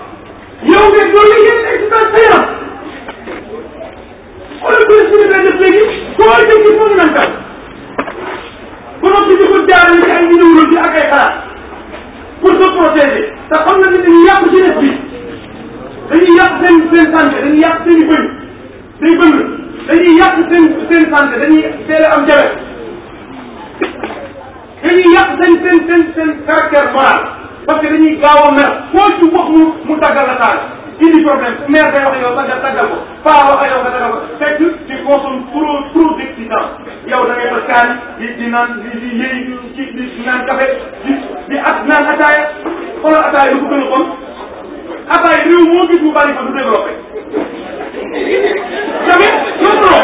dañuy teel a am jabet dañuy yàq seen seen seen seen caractère moral parce que dañuy gaaw a mer foo ci wax mu mu tàggal la taal indi problème maire day wax yow tàggal tàggal ko paa wax yow nga tàggal ko fekk tu consommes trop trop d'excitant yow da ngay def kaan di di naan di di yëy di di naan café di di at naan ataaya mu bari ko du tamit ñoom trop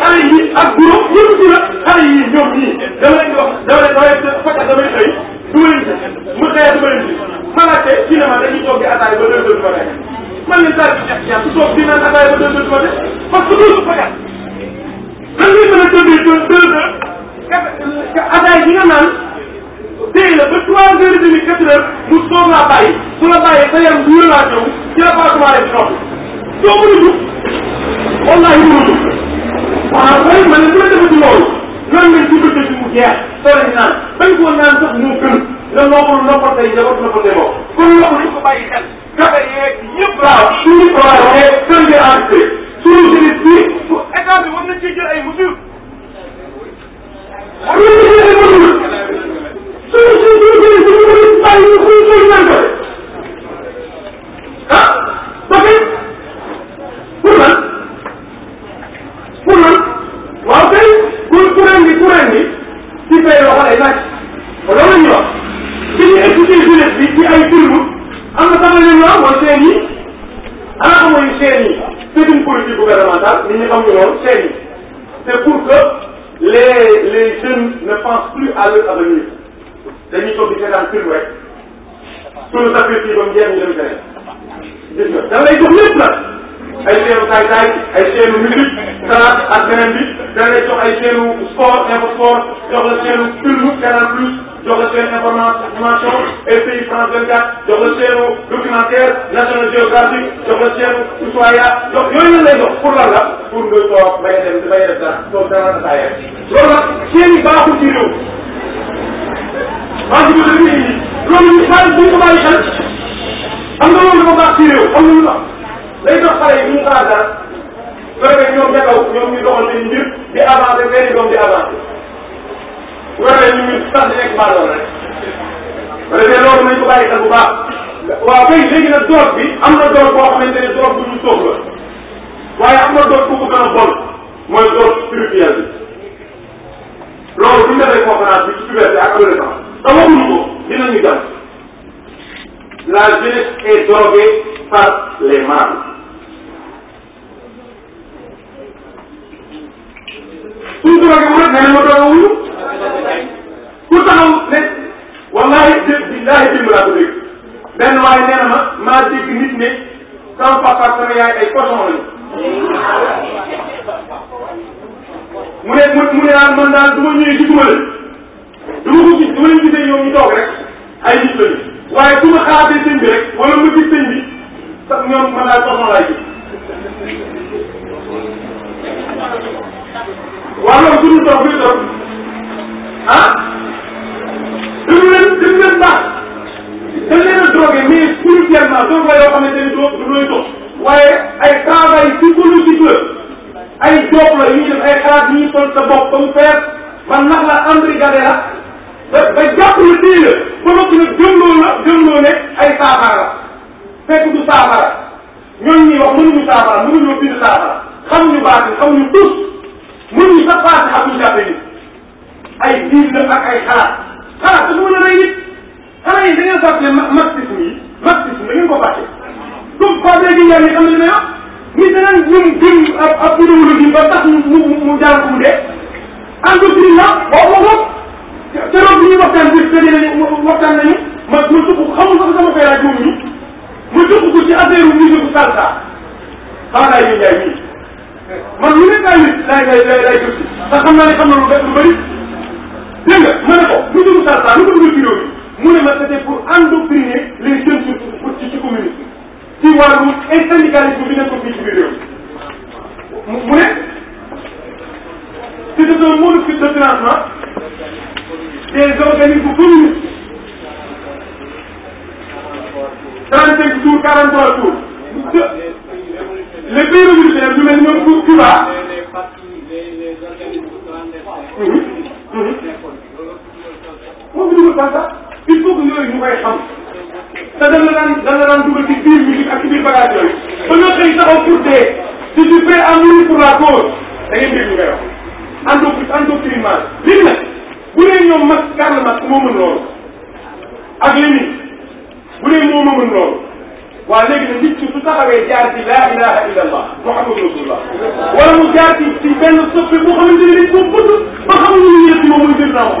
xale yi ak guro ñëpp ci la xale yi ñoom ñii dama leen di wax dama leen damay fekk damay xëy du ma leen gis mu xëyee du ma leen gis ma laajte ci ne ma dañuy toog di attaay ba deux heures ma nekk man leen daal di ñàkk ñàkk toog di naan attaay ba deux heures ma nekk parce que toujours fagat xam nga mën a tëddee deux deux heures quatre attaay bi nga naan tey la ba trois heures et demi quatre heures mu soog laa bàyyi su la bàyyee sa yaram wóor laa ñëw ci la passement rek noppi doo mën a jub wallaahi doo jub waaw mooy man bu la defee ci loolu loolu nga ci bëgg mu jeex soo leen naan bañ koo naan sax moo gën nga noppal noppal say njaboot noppal say bopp kon loolu nañ ko bàyyi xel gafe yeeg yëpp waaw su ñu ko waxee kër gi enregistré suñu jeunesse bi bu état bi war na cee jël ay mesures am na ñu jël ay mesures suñu suñu suñu jeunesse bi ñu ko bàyyi ñu ko ñu ko naan ko ah parce que pour lan pour lan waaw kay kuy kuréel gi kuréel gi ci fay loxo lay laaj loolu la bi ñu ay film am na sama leen wax mooy seen yi ana xam mooy seen yi c'est une politique gouvernementale nit ñi xam ñu loolu seen yi c'est pour que les les jeunes ne pensent di seetaan film rek suñu sacrifice ba mu jeex ñu dem feneen gis nga da lay jox lépp ay seenu taay-taay ay seenu musique salaat ak beneen bi dana lay jox ay seenu sport info sport jox la seenu film canal plus jox la seen information RFI France 24 jox la seenu documentaire National Geographic jox la seenu Ushuaïa jox yooyu lañ lay jox pour lan la pour nga toog bañ a dem bañ a def dara toog dara na saa yàq loolu nag seen i baaxul ci réew maa ngi bëgg a indi loolu ñu xaalis bu ñu ko bàyyi xel am na loolu dafa baax ci réew am na lu baax day dox xale yi ñu xaar dara su rafet ñoom ña kaw ñoom ñu doxal seen mbir di avancer benn doom di avancer su rafet ñu ngi sax di nekk maanaam rek. ba léegi loolu nañ ko bàyyi xel bu baax waaw kay léegi nag drogue bi am na drogue boo xamante ne drogue bu ñu sóob la waaye am na drogue bu ko gën a bon mooy drogue spirituelle bi. loolu bu ñu defee conférence bi ci puberté ak adolescence dama waxuñu ko dinañu jàpp la jeunesse est droguée par les mâles. suñ ko rajo rek nee na ma doog a wuyu ku taxaw ne wallahi dé billahi démb laa ko dégg benn waaye nee na ma maa dégg nit ne sama papa sama yaay ay poson lañu mu ne mu ne daal man daal du ma ñëwee gisuma leen du ma ko gis du ma leen gisee ñoom ñu toog rek ay nit lañu waaye su ma xalaatee sëñ bi rek wala ma gis sëñ bi sax ñoom man daal poson laay gis wàllu bu dul doon buy doon ah dañu leen dañu leen baax dañ leen a drogué mais spirituellement drogue la yoo xamante ay travail psychologique ay job la yu ñu ay xalaat yu ñu toll sa bopp ba mu fees ba nax la embrigadé la ba ba jàpp la téye la ba noppi nag gëmloo la gëmloo ne ay saafara la fekk du saafara ñooñu ñuy wax mënuñu saafara mënuñoo bind saafara tus mënuñ sax faatixa buñ jàppee nit ay diir la ak ay xalaat xalaat dafa mën a rey nit xalaat yi da ngeen fàtte ne marxisme yi marxisme da ngeen ko fàtte comme Fapal yi nga xam ne li may wax nit danañ ñun gën ab ab idéologie ba tax mu mu mu jàll ko mu dee endoctrinement boo ko bokk te loolu bi ñuy waxtaan bi tëddee nañu waxtaan nañu ma ma dugg xamul sax sama feeraay boobu ñu ma dugg ko ci affaire musique salsa xaaral yu njaay mii man lu ne daay nit laay ngay lay lay gëm ndax xam naa ne xam na lu def lu bëri dégg nga ma ne ko lu dul sarta lu ko dugal ci réew mi mu ne ma c'était pour endoctriner les jeunes ci ci communiste ci wàllu ay syndicalisme bi nekkoon fii ci biir réew mi mu ne c'était un monopole de financement des organismes communistes trente cinq jours quarante trois jours les pays militaires ñu mel ni ñoom pour Cuba. moom ñu dugal Fanta il faut que yooyu ñu koy xam te dana daan dana daan dugal ci biir musique ak ci biir bagage yooyu ba nga xëy taxaw pour dee je suis prêt à mourir pour la cause da ngeen dégg ñu koy wax. endoctri endoctrinement léegi nag bu dee ñoom Max Karl Marx moo mën loolu ak Lénine bu dee moo waaw léegi nag nit ki su taxawee jaar ci laa ilaha illa allah muhammadu rasulullah wala mu jaar ci ci benn soppi boo xamante ne dañ koo bëgg ba xamuñu lu ñëpp moom mooy Seydina Muhammad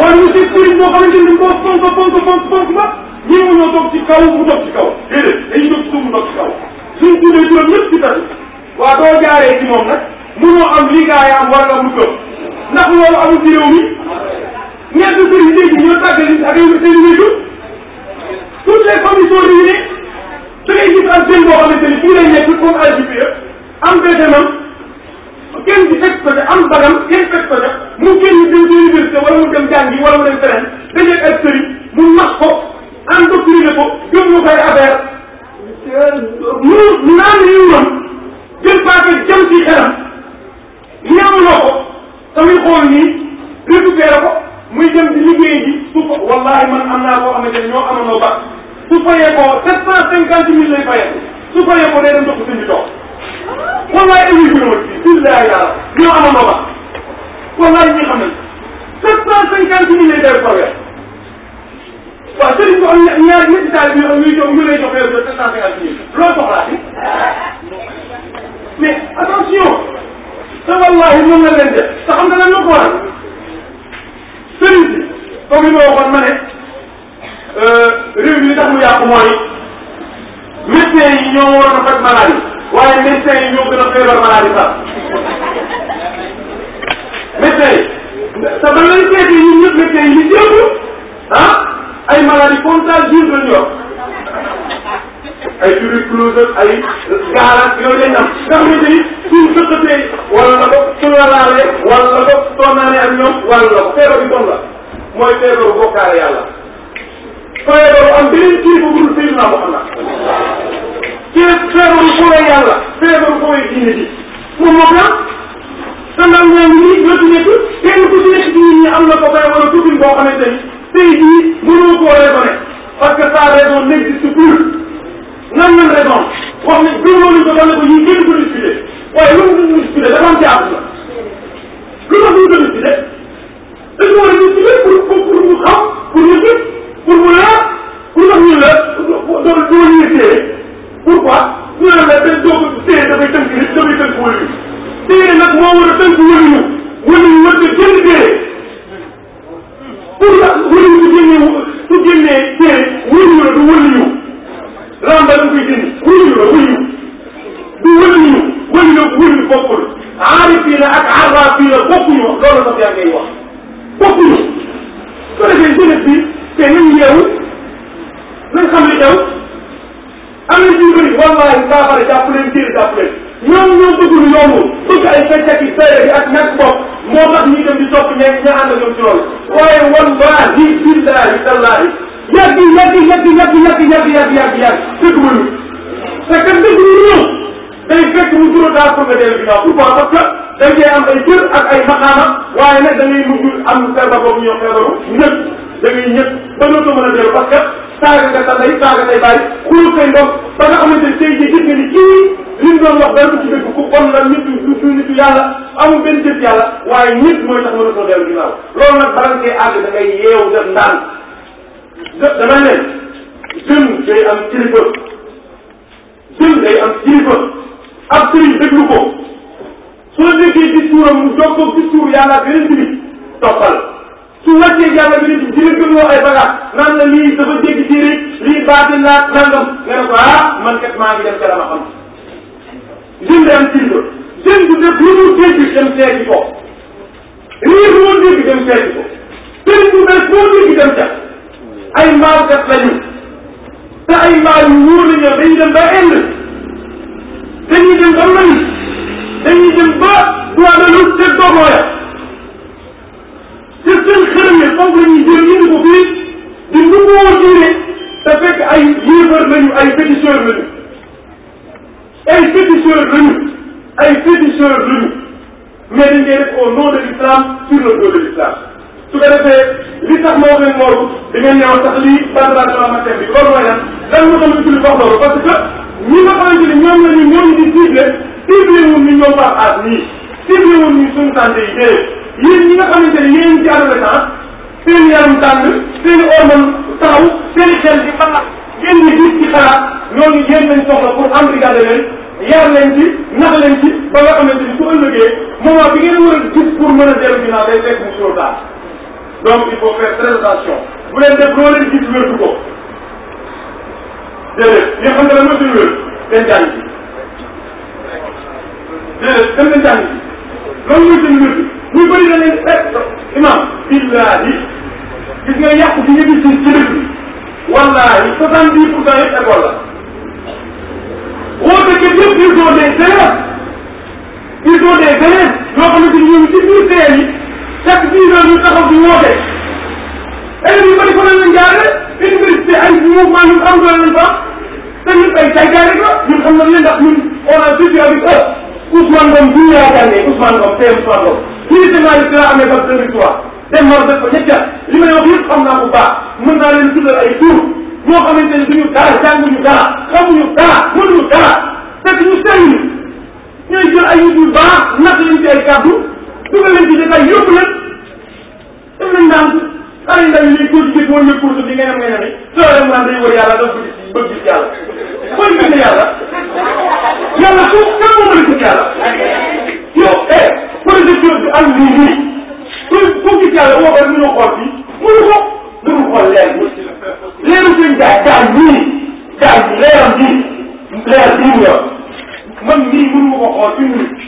wala mu ci sëriñ boo xamante ne koo fonk fonk fonk fonk ba ñëw ñoo toog ci kaw mu toog ci kaw déedéet dañuy toog ci suuf mu toog ci kaw suñ tuddee juróom ñëpp ci tas waa doo jaaree ci moom nag mënoo am li gaa yi am wala mu gëm ndax loolu amul ci réew mi ñett sëriñ léegi ñoo tàggali ak ay seen wéju toutes les familles sont réunies da ngay gis ak jeunes boo xamante ni fii lay nekk comme aljibe am BFM kenn di fekk ko de am bagam kenn fekk ko de mu génn dem ci université wala mu dem jàngi wala mu dem feneen dajeeg ak sëriñ mu nax ko endoctriné ko gëm mu koy affaire mu naan yuuram jël paaka jëm ci xelam ñaamloo ko tamit xool nii récupéré ko muy dem di liggéey ji su ko wallahi man am naa koo xamante ne ñoo amoon ba su fayee ko sept cent cinquante mille lay fayee su fayee ko day dem jox ko suñu toog wallaay émi bi woon fii billahi yàlla ñoo amoon ba wallaay ñi xam nañ sept cent cinquante mille lay def par weer waaw sëriñ bi am ñaari ñetti taal bi ñu jox ñu lay jox weer bi sept cent cinquante mille loo soxlaa ci mais attention te wallahi mën na leen def te xam nga lan la ko waral sëriñ bi comme li ma waxoon ma ne Euh, réew yi tax mu yàqu mooy médecins yi ñoo waroon a faj maladie waaye médecins yi ñoo gën a feebar maladie sax médecins yi te ba lay seetee ñun ñëpp médecins yi li jëpp ah ay maladies contagieuses la ñu yor ay tuberculose ay gaaraas yooyu lañ am nga xamante ni suñ sëqatee wala la ko suñalaale wala la ko sonnaane ak ñoom wala la ko feebar bi doon la mooy feebaru bokkaale yàlla feebaru am beneen kilifa bu dul Seydina Muhammad fee feebaru fooy yàlla feebaru fooy diine ji moom moo ko am sandal ñaan nii ñoo nekk kenn ku ci nekk ci nit ñi am na ko bay wala tuuti boo xamante ni tey jii mënoo koo raisonné parce que sa raison n'existe plus nan nan raison wax ne gëmoo nañ ko dana ko yii kenn ko discuté waaye lu mu discuté dafa am ci àdduna lu tax ñu ko discuté dañu war a discuté pour pour pour ñu xam pour ñu gis pour mu la pour nga ñu la doo doo ñuy téye pourquoi ñu ne la dañ doo ko téye dafay tënk nit dafay tënk wël yi téye nag moo war a tënk wël ñu wël ñu war nga génn téye pour la wël ñu su génnee su génnee téye wël ñu la du wël ñu lamba da nga koy génn wël ñu la wël ñu du wël ñu wël ñu wël ñu bokkul aarifina ak arrafina bokkuñu wax loolu sax yaa ngay wax bokkuñu su defee jeunesse bi te nañ yeewu nañ xam li xew am na ci bëri wallaahi saafara jàpp leen téere jàpp leen ñoom ñoo bëgg lu yomb bëgg ay feccak yi sayre bi ak ñàkk bopp moo tax ñuy dem di topp ñeeg ña ànd ak ñoom ci loolu waaye wallaahi billaahi tallaahi yàgg yàgg yàgg yàgg yàgg yàgg yàgg yàgg yàgg dëgg wuñu te kat dëgg wuñu ñëw day fekk mu trop tard pour nga dellu ginnaaw pourquoi parce que dañ cee am ay cër ak ay maqaama waaye nag da ngay mujj am feebar boobu ñoo feebaru ñëpp da ngay ñëpp ba dootoo mën a def parce que saaga nga sa ndey saaga day bàyyi xulul say doom ba nga xamante ne tey jii gis nga ni kii li ñu doon wax dara ko ci dëgg ku bon la nit du du nitu yàlla amul benn jëf yàlla waaye nit mooy tax mën a soo dellu ginnaaw loolu nag bala ngay àgg da ngay yeew def ndaan da damay ne jeune day am kilifa jeune day am kilifa ab sëriñ déglu ko soo déggee discours am mu jokkoo discours yàlla beneen bi toppal bu wàccee jàngal bi di di gëm ay bagaas naan la lii dafa dégg ci rek lii baatin naat nangam nga ne ko ah man kat maa ngi dem ca la ma xam jën di am kilifa jën bu def lu mu ko riir lu mu dégg dem seeti ko jën bu def boo dégg dem ca ay maaw kat lañu te ay maaw yu wóor la ñu dañuy dem ba Inde dañuy dem ba Mali dañuy dem ba Guadeloupe te seen xërëm yi foofu la ñuy jël indi ko fii di nduggoo diine te fekk ay yéefar lañu ay féticheur lañu ay féticheur lañu ay féticheur lañu mais dañ koy def au nom de l'islam sur le dos de l'islam su ko defee li tax ma wax leen loolu da ngeen ñëw sax lii bandara de la matière bi loolu mooy lan lan nga xam ne ci li wax loolu parce que ñi nga xamante ni ñoom la ñu ñoom di cible cible wuñ ni ñoom baax aat nii cible wuñ ni suñu santé yi déedéet yéen ñi nga xamante ne yéen ci adolescence seen yaram tàng seen hormone taxaw seen xel di xalaat yéen ñi gis ci xalaat loolu yéen lañ soxla pour embrigader leen yar leen ci nax leen ci ba nga xamante ni su ëllëgee moment bi ngeen war a gis pour mën a dellu ginnaaw day fekk mu trop tard donc il faut faire très attention bu leen def loo leen gis wérdu ko déedéet li nga xam ne lan moo suñu wér seen jàng ci déedéet dem leen jàng ci loolu mooy seen wér ñu bëri na leen fekk imam billahi gis nga yàqu bi nga gis ci wallahi soixante dix pour cent yëpp école la woo dëkk yëpp ils ont des élèves ils ont des élèves yoo xamante ni ñoom ci biir teel yi chaque dix heures ñu taxaw di woote élèves yu bëri fa lañ leen jaare université ay mouvement ñun xam doon leen fa te ñun ay saytaay rek la ñun xam nañ leen ndax ñun on a vécu avec eux Ousmane Ngom bu ñu yaakaar ne Ousmane Ngom PM Ousmane Ngom directement yi dinaa amee ba 2003 dem Maodo def ko ñetti at li may wax yëpp xam naa bu baax mën naa leen tuddal ay tur ñoo xamante ne duñu dara jànguñu dara xamuñu dara mënuñu dara fekk ñu sëriñu ñooy jël ay nit yu baax natt leen ci ay kàddu dugal leen ci jotaay yóbbu leen def leen ndànk xale ndaw yi ñuy góor jigéen moo ñëw pour di ngay am ngay nami soo dem naan day wër yàlla daf ko gis bëgg gis yàlla booy gën yàlla yàlla foofu kan moo mën a gis yàlla ci am lii nii te foo gis yàlla boo xam ne mënoo xool fii mënu ko mënu xool leer bi leeru sëñ daal daal nii daal leeram bii leer bii mu yor man nii mënu ma ko xool une minute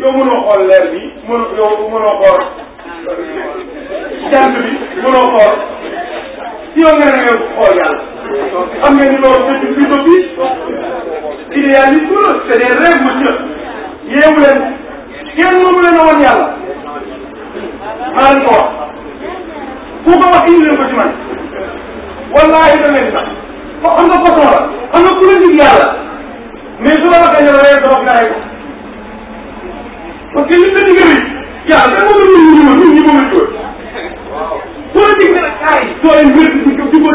yow mënoo xool leer bi mën yow mënoo xool jant bi mënoo xool si yow nga ne nga xool yàlla xam nga ni loolu c'est une philosophie idéalisme c'est des rêves monsieur yeewu leen kenn mënu leen a woon yàlla maa leen ko wax ku ko wax indi leen ko ci man wallaahi da leen sax fo xam nga façon la xam nga ku la dig yàlla mais su la waxee ne la rek dox nga rey ko parce que li nga digg rek yàlla da nga ko ñun ñu ma ñun ñu ma ma jóor ku la dig ne la kaay soo leen wér di ko di ko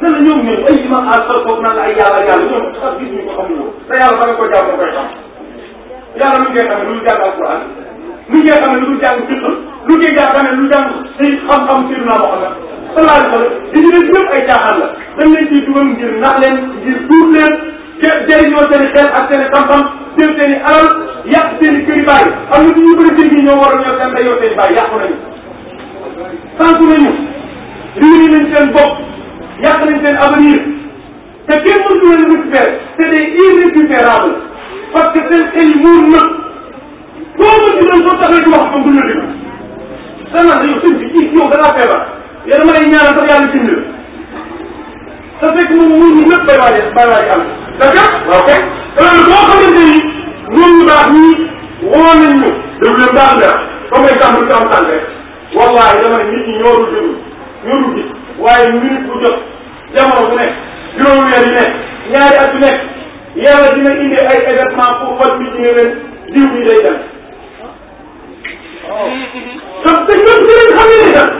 nan la ñoom ñoom ay imam àl sa foofu nan la ay yàlla yàlla ñoom sax gis ñu ko xamul te yàlla ba nga ko jàmm koy xam yàlla lu ngeen xamee lu jàng alquran lu ngeen xamee lu jàng fiq lu ngeen xamee lu jàng si xam-xam si naa wax la sallallahu alayhi wa sallam li ñu def yëpp ay caaxaan la dañ leen ciy dugal ngir nax leen ngir duur leen jëriñoo seen i xel ak seen i xam-xam jël seen i alal yàq seen i kër i bàyyi am na ci ñu bëri dégg ñoo war a ñëw seen day yow seen i bàyyi yàqu nañu sànq nañu réuni nañ seen bopp yàq nañ seen avenir te kenn mëntu leen récupérer c'est des irrécupérables parce que seen xel muur na koo mën di doon soo taxawee di wax moom duñ la déglu danaa ne yow sëñ bi kii yow danaa feebar yow dama lay ñaanal sax yàlla dimbali la te fekk moom muur ñi ñëpp bay waaje bay waaje am d'accord waaw kay heure boo xamante ni ñoom ñu baax ñi woo nañ ñu def leen baax nga comme exemple bi am tànk rek wallahi dama ne nit ñi ñoorul déglu ñoorul gis waaye minute bu jot jamono bu nekk juróomi weer yi nekk ñaari at yu nekk la dina indi ay événement pour xol bi ci ne leen diw bi day dem. parce que ñoom dinañ xam ne sax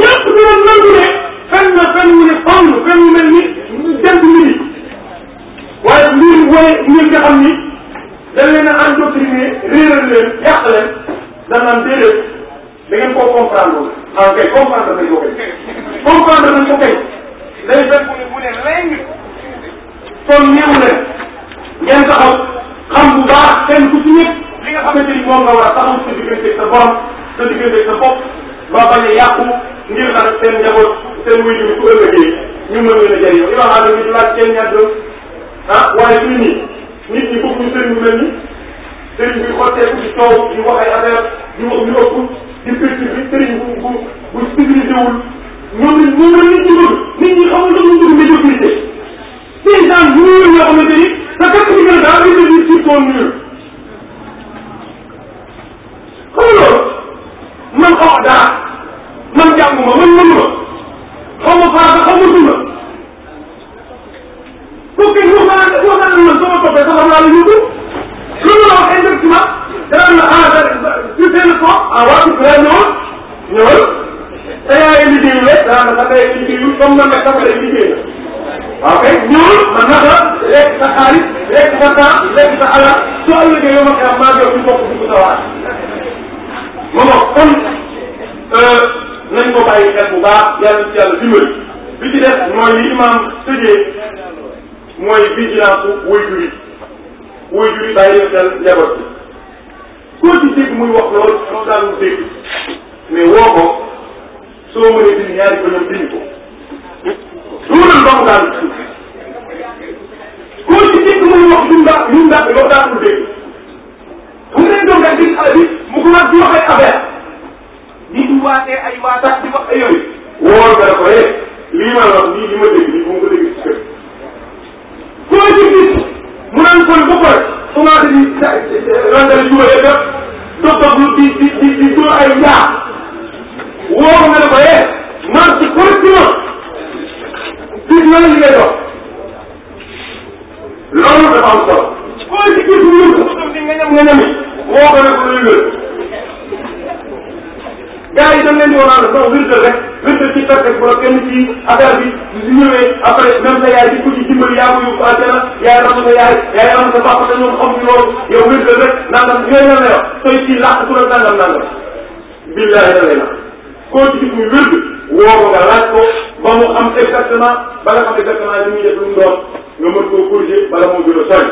ñëpp dinañ nangu ne fen na fen wu ne fang fen wu mel ni jant midi waaye mbir wala ñi nga xam ni dañ leen a endoctriné réeral leen yàq leen dañ naan déedéet da ngeen koo comprendre loolu. ah kay comprendre nañ ko kay comprendre nañ ko kay day fekk mu ne leng kon néew nag ngeen taxaw xam bu baax kenn ku ci ñëpp li nga xamante moom nga war a taxaw sa diggante sa borom sa diggante sa bopp ba bañ a yàqu ngir xar seen njaboot seen wéju bi ku ëllëgee ñu mën leen a jëriñoo imam aadama ñu laaj seen ñaar doon ah waaye fii nii nit ñi bëgg ñu sëriñ bu mel ni sëriñ bi xotteeku di coow di wax ay affaire di wax ñu ëpp di pétti bi sëriñ bu bu bu civilisé wul ñoom ñoom nit ñi bëgg nit ñi xamul dañu paysan bu ñëwee ñoo xamante ni sa képp ku gën a daal ay déglu sur son mur. xam nga loolu man xaw ma dara man jànguma man mënu ma xaw ma faata xaw ma duna kooku it wax naa wax naa ne man sama la ñu ko lu ma la wax exactement dara na ah su seen fo ah waa su fekkee ñëwal ñëwal te yaay liggéeyu rek daanaka day liggéeyu comme man waaw kay ñuul man naka lekk sa xaalis lekk sa temps lekk sa alal soo ëllëgee yow ma xam maa ngi ñu bokk dugg sa waat ma wax kon euh, nañ ko bàyyi xel bu baax yàlla ci yàlla dimbali bi ci def mooy li imam tëjee mooy vigilance wuy jur yi wuy jur yi bàyyi leen xel njaboot bi koo ci dégg muy wax loolu moom daal mu dégg mais woo ko soo mënee dindi ñaari bëñam dindi ko tuural ba mu daal koo ci dégg muy wax li mu daan li mu daan loolu daa ko dégg bu dee doon nga gis xale bi mu commencé wax ay affaire di di waatee ay waataat di wax ay yooyu wóor nga ko eh lii ma wax nii li ma dégg nii bu ma ko dégg ci kër koo ci gis mu naan kon ba pare commencé di randal jubale def dox dox lu di di di di ay njaar wóor nga ko eh man ci correctement gis nga li ngay dox loolu dafa am solo boo ci gis ñu yëngu nga ñam nga ñami moo ko nekk lu yëngal gars yi dañ leen di wanaana sax wirde rek wirde ci tartek bu la kenn ci affaire bi su ñëwee après même ba mu am exactement ba nga xam exactement li muy def lu mu doon nga mën koo corriger bala moo gën a sori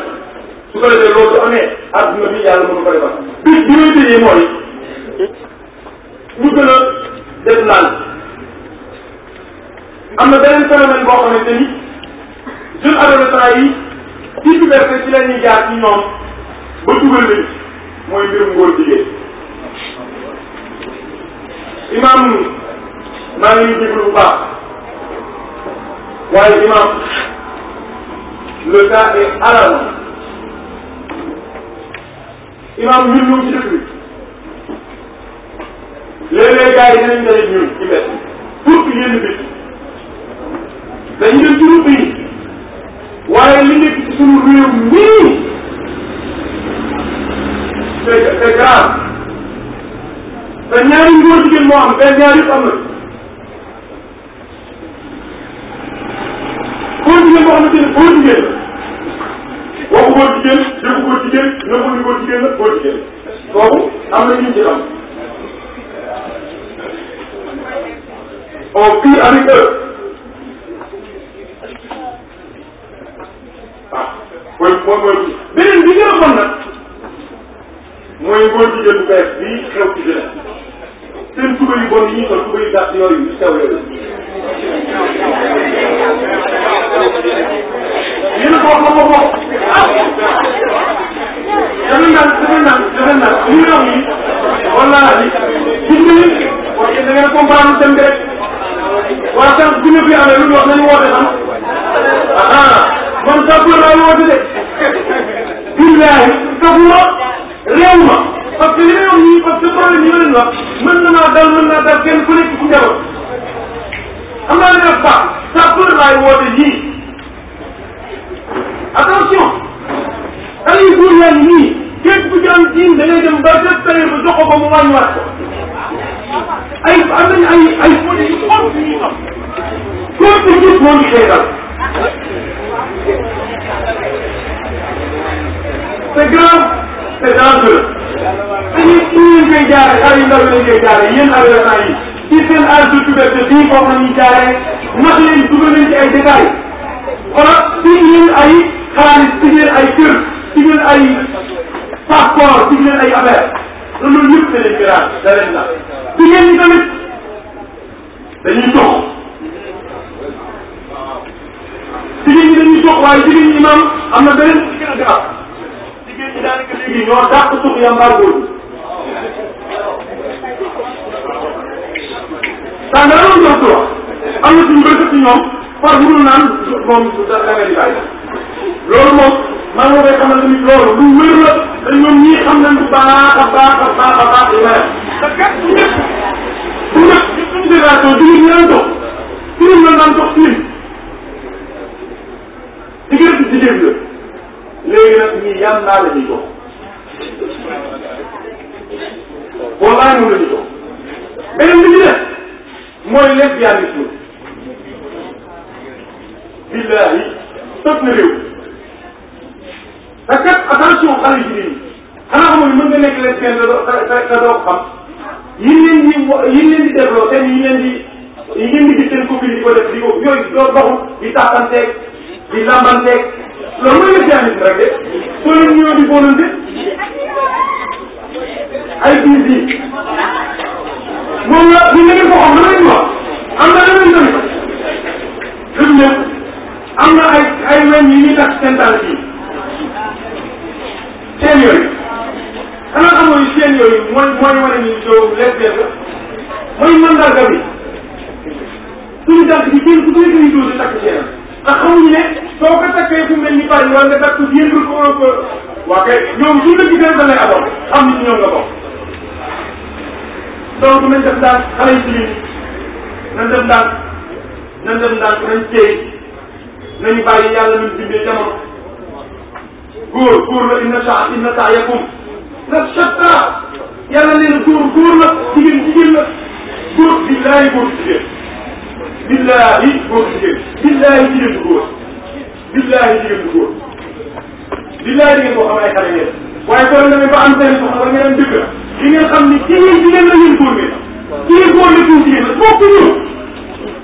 su ko defee loolu su amee adduna bi yàlla mënu ko defal bi bi muy tëjee mooy ñu gën a def naan am na beneen phénomène boo xamante ni jeune adolescent yi ci puberté ci la ñuy jaar ci ñoom ba dugal nañ mooy mbirum ngóor jigéen imam maa ngi ñu déglu bu baax waaye imam le temps est allant imam ñun ñu ci dëkk bi léeg-léeg gars yi dinañ daje ñun ci mbedd pour yenn bés dañu dem ci ruq yi waaye li nekk ci suñu réew mii c'est c'est grave te ñaari ngóor jigéen moo am benn ñaar yëpp am na góor jigéen boo xamante ne góor jigéen la waxu góor jigéen jëfu góor jigéen nangu ni góor jigéen la góor jigéen kooku am na ñu ci am on ah, mooy mooy mooy bi bi gën a bon nag mooy góor jigéen bu bees yu bon yi yu gàtt yooyu yéen a ko wax ba ko ah dafa naan dafa naan dafa naan li ñu wax nii wallaahi gis nga ni wax da ngeen a comprendre dem rek waaye sax bu ñu fi amee lu ñu wax nañu woote xam ah man sax bu la woote de billahi kafuma réew ma parce que li may wax nii parce que problème yi ma leen wax mën na naa dal mën naa dal kenn ku nekk ci njaboot xam naa ne la laay woote yii ñaan nii képp ku ci am diin da ngay dem ba def période ba jox ko ko mu wàññiwaat ko ay am nañ ay ay fóot yu xool yu ñuy am koo ci gis moom seetal c'est grave c'est dangereux dañuy ñu leen koy jaare xale yu ndaw lañ koy jaare yéen adolescents yi ci seen âge de puberté bii foofu la ñuy jaaree nax leen dugal leen ci ay détails wala ci yéen ay xaalis ci yéen ay kër ci ñun ay passeport ci ñun ay affaire loolu yëpp da leen gëraat da leen na jigéen ñi tamit dañuy dox jigéen ñi dañuy dox waaye jigéen ñi imam am na beneen bi gën a gaaw jigéen ñi daanaka léegi ñoo dàq suuf yambaar boobu daa nga doon dox am na suñu bëri ci ñoom par mënul naan moom da nga di bàyyi loolu moom maa ngi koy xamal tamit loolu lu wér la te ñoom ñii xam nañ bu baax a baax a baax a baax li ma def. parce que bu njëkk bu njëkk considération jullit ñu daan toog film la daan toog film diggante jigéen la léegi nag ñii yàlla naa la ñuy toog wallaay moom la ñuy toog beneen bi ñu def mooy lesbianisme billahi toog na réew. parce que attention xale yu jigéen ñi xanaa xamoon mën nga nekk lesbienne te doo xam yi leen di yi leen di développé seen yi leen di yi ngeen di gis seen copine di ko def di ko yooyu doo doxu di taxanteeg di lambanteeg loolu mooy lesbianisme rek de soo leen ñëw di bonante ay biis yi moom la ñu ngeen ko xam na leen wax am na leneen tamit am na ay ay wen yi ñuy tax seen tànk yi seen yooyu xanaa xamoo ni seen yooyu mooy mooy wane ni yow léeg-léeg la mooy mandarga bi suñu dàq bi kenn ku nekk ni dóor di takk seen ndax xamuñu ne soo ko takkee fu mel ni bàyyi wala nga takk ko yëngal ko un peu waa kay ñoom suñu la gisee dañ lay amoon xam ni ñoom la ko donc nañ def daal xale yi ci nañ def daal nañ def daal nañ téye nañu bàyyi yàlla nañ bindee jamono góor góor la inna saa inna saa yakum na shatta yàlla nee na góor góor la jigéen jigéen la góor billaahi góor jigéen billaahi góor jigéen billaahi jigéen du góor billaahi jigéen du góor billaahi jigéen boo xam ay xale ngeen waaye boo demee ba am benn soxna war ngeen am dëgg li ngeen xam ni jigéen jigéen la yéen góor ngeen jigéen góor la góor jigéen la bokk ñu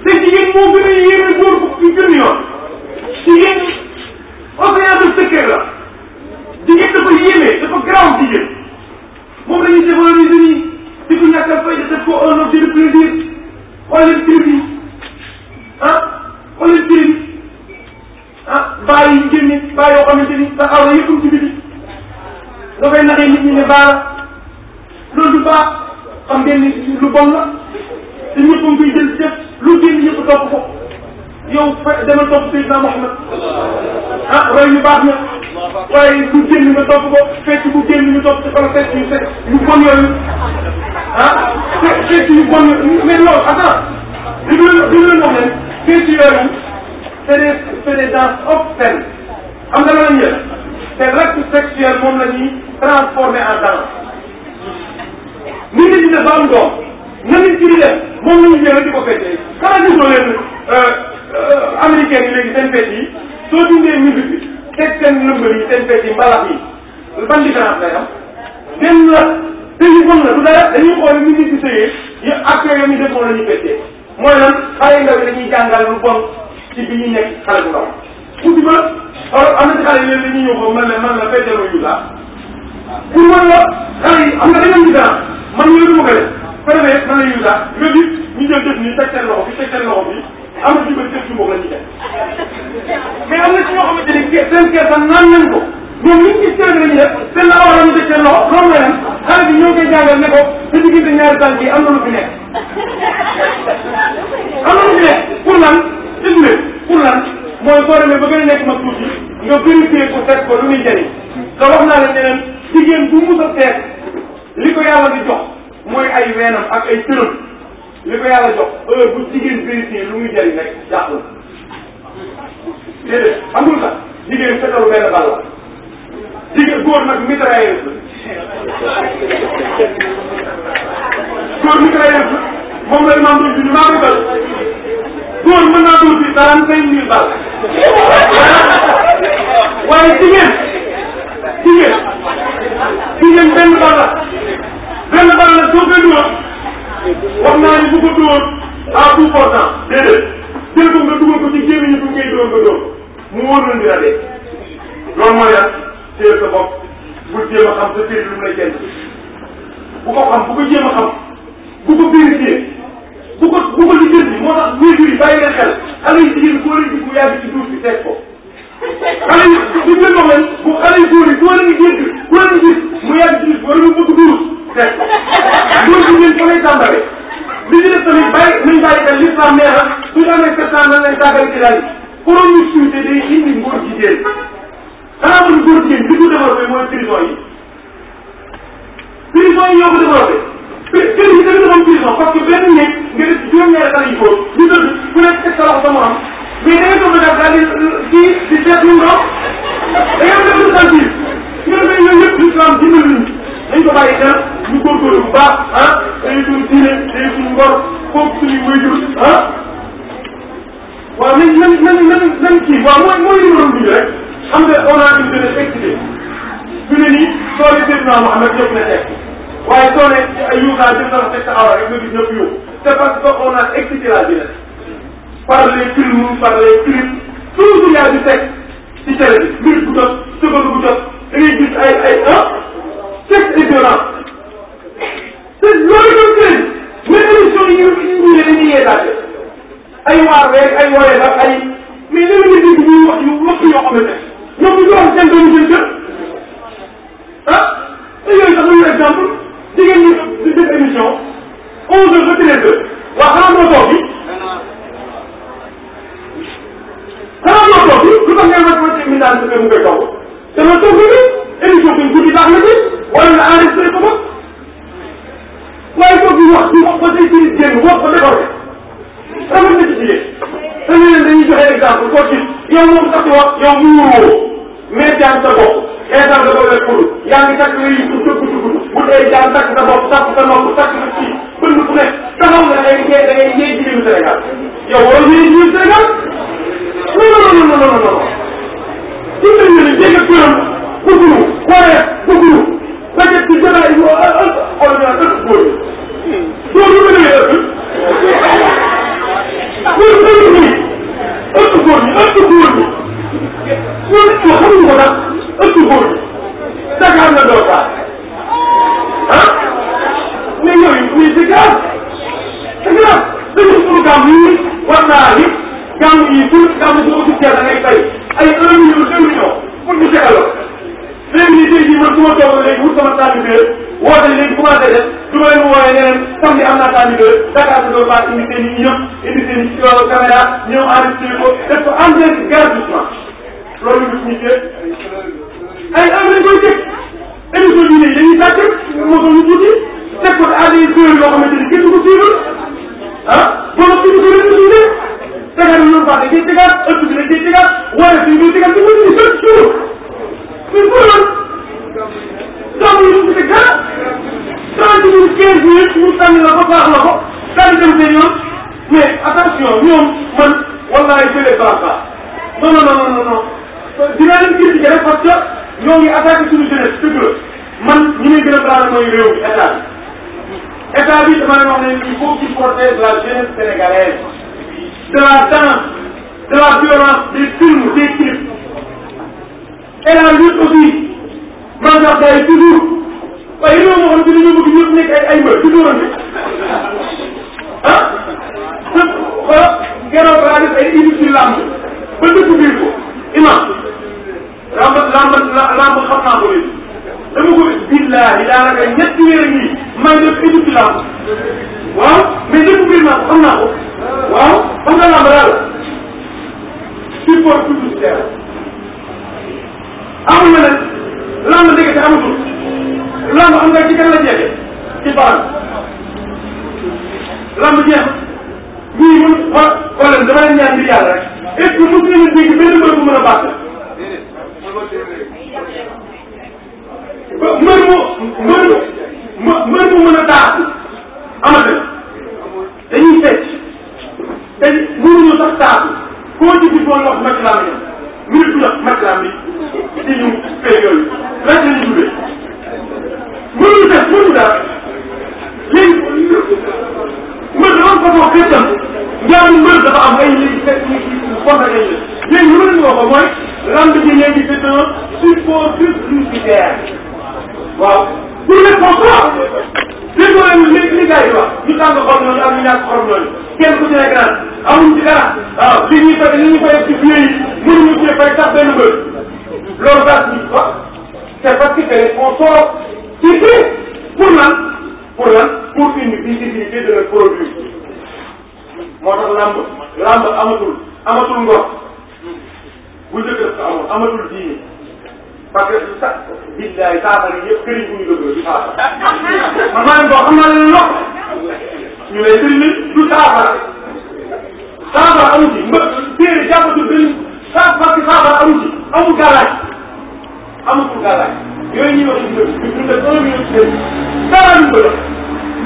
te jigéen moo gën a yéeme góor bu gën yoon jigéen océan de secret la jigéen dafa yéeme dafa garaaw jigéen moom di ko ñàkk a fay def ko un objet de plaisir xool leen film yi ah xool leen film yi ah baa yi génne baa yoo xamante ni sa xaw na yëpp ci biti nga koy naxee nit ñi ne baa la loolu du baax xam ngeen ni yow fa demal topp Seydina Mouhamed ah roy ñu baax na waaye bu génn nga topp ko fekk bu génn ñu topp ci wala fekk yu fekk yu bon yooyu ah fekk yu bon mais loolu attends li mu leen li mu leen wax leen fekk yooyu c'est des c'est des danses obscènes xam nga lan la ñuy def te l'acte sexuel moom la ñuy transformé en danse nit ñi di def ba am doom na nit ki di def moom la ñuy ñëw di ko fekkee Euh, américains yi léegi seen fête yi soo dindee musique bi teg seen lëmbër yi seen fête yi mbalax yi ban différence lay am benn la du dara dañuy xool musique bi sëyee yu acteurs yi ñu defoon la ñu fekkee mooy lan xale yu ndaw yi dañuy jàngal lu bon ci bi ñu nekk xale bu ndaw tuuti ba am na ci xale yi dañuy ñëw foofu man la man la fetteeloo yu laa pour man la xale yi am na beneen man yooyu du ma ko def man la yu laa nga gis ñu jël def nii teg seen loxo fi teg seen loxo fi am na ci biir kër gi moom la ñuy def mais am na ci ñoo xamante ne kii seen kër sax naan nañ ko ñoom ñu ngi gis kër gi la ñuy def seen la war a ñu def seen loxo loolu la leen xale bi ñoo koy jàngal ne ko sa diggante ñaari tànk yi am na lu fi nekk am na lu fi nekk pour lan isme pour lan mooy boo demee ba gën a nekk mag tuuti nga vérifier ko seet ko lu muy njëriñ te wax naa leen ne leen jigéen bu mus a seet li ko yàlla di jox mooy ay weenam ak ay tërëm li ko yàlla jox heure bu jigéen vérifié lu muy jëriñ rek yàqu na déedéet xam nga lu tax jigéen fetalu benn bal la jigéen góor nag mitrailleuse góor mitrailleuse moom la imaam doon junj maa ngi bal góor mën naa dóor ci trente cinq mille bal waaye jigéen jigéen jigéen benn bal la benn bal la soo koy dugal wax naa ne bu ko dóor à tout portant déedéet jël ko nga dugal ko ci gémmiñ bu ngay mu wóor la dina dee loolu mooy lan téye sa bopp bu jéem a xam sa péri lu mu lay jënd bu ko xam bu ko jéem a xam bu ko vérifié bu ko bu ko lijjanti moo tax wéetu yi bàyyi leen xel xale yi jigéen koo leen di bu yàgg ci duuf xale yi bu ñu leen wax bu xale yu góor yi ku leen gis ku leen gis mu yàgg ci wala mu bëgg duus te góor gi ngeen fa lay tàmbale li ñu def tamit bàyyi nañ bàyyi xel l'islam nee na su ñu amee sept ans nan lañ tàggal ci daal promiscuité day indi ngóor jigéen xanaa mun góor jigéen li ko développé mooy prison yi prison yi ñoo ko développé kër yi dañu doon prison parce que benn néeg nga def juróom-ñaari xale yu góor ñu tëdd ku nekk teg sa loxo sa morom mais da nga toog daal di di di seetlu ndox da nga dem di sentir ñu ne ñoom ñëpp l'islam dimbali ñu dañ ko bàyyi xel ñu góorgóorlu bu baax ah day suñu diine day suñu ngor foofu suñu wéyjur ah waaw nañ nañ nañ nañ nañ kii waaw mooy mooy li ma doon rek xam nga on a une jeunesse excitée ñu ne nii soo ne Seydina Mouhamed ñëpp na teg waaye soo ne ay yuuxaa jëm na fa teg sa awra rek nga gis ñëpp yóbbu c'est parce que on a excité la jeunesse par les films par les clips toujours yaa ngi teg ci télé bi minute bu jot seconde bu jot da ngay gis ay ay ah sexe et violence te loolu ñoom tey même émission yi ñu ne dañuy yeetaate ay waar rek ay wooyee nag ay mais léeg nga dégg ñuy wax yu wax yoo xamante ne ñoom ñu doon seen benn jën kër ah te yooyu sax exemple jigéen ñi di def émission 11 heures ba 13 heures yow yow mu wóoroo mais jaan sa bopp xeetal nga ko wér yaa ngi takk nga yëngu dëgg dugg bu dee jaan takk sa bopp takk sa nopp takk sa kii bënd ku nekk taxaw nga day ngay da ngay ngay jigéenu Sénégal yow warul ngay jigéenu Sénégal non non non non non non. keroog laa gis ay indi ci làmb ba découvrir ko imam làmb làmb làmb xam naa ko léegi dama ko billaahi daanaka ñetti weer yi maa ngi def indi ci làmb waaw mais découvrir naa ko xam naa ko waaw xam nga làmb daal support publicitaire amul na nag làmb dëgg te amatul làmb am nga ci kan la jeexee ci baax làmb jeex fii ñun xool xoolal damay ñaan di yàlla rek est-ce que mos ngeen a dégg benn mbër bu mën a baax ba mbër mu mbër mu mbër mu mën a daax amate dañuy fecc te mënuñu sax daax koo ci gis woon wax matelas bi minute bu jox matelas bi ci ñu fee yooyu laaj la ñu jubee mënuñu def mënuñu dara léegi mbër dafa façon xeetam jaamu mbër dafa am ay ay léegi lu ma leen waxoon mooy lamb ji léegi c'est un suppositoire waaw pour les concours léegi moo leen léegi li gars yi wax ñu tàng xool noonu ak ñu ñàkk xool noonu kenn ku ci nekk naan amuñ ci dara waaw li ñuy fay li ñuy fay ci biir yi mënuñu cee fay sax benn mbër loolu daal ñu wax c'est parce que on sort pour lan pour indi visibilité de leur produit moo tax lamb lamb amatul amatul ngor bu njëkk def ko amoon amatul diine parce que sa billaay saafara yi yëpp këriñ bu ñu dëgg di saafara man maa ngi ko xam naa leen lox ñu lay bëri ni du saafara saafara amu ci nga téere jàppatul benn saafara amu ci amul garage amatul garage yooyu ñuy wax ñu dundal un minute de dara ko jox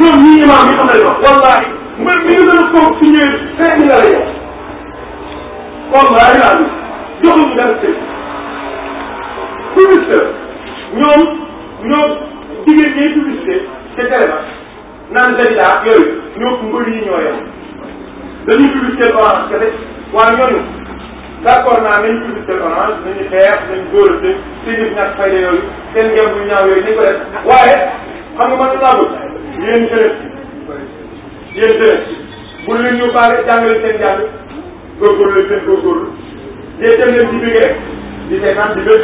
ñoom ñii imaam yi xam nañu wax wallaahi mbir mi nga doon toog su ñëwee cinq mille la yow wallaahi laaj joxuñu dara sëñ publicité ñoom ñoom jigéen ñi publicité te télé ba naan Zalida yooyu ñoo ko mbër yi ñoo yem dañuy publicité orange kese waaye ñooñu d'accord naa nañ publicité orange nañu xeex nañ dóorante te ñëpp ñàkk fayda yooyu seen ngeen bu ñaaw yooyu nañ ko def waaye xam nga man laa bëgg yéen jeunesse yéen jeunesse bu leen ñu baale jàngale seen jàng góorgóorlu leen seen góorgóorlu yéen itam leen di bëggee di seetaan di bëgg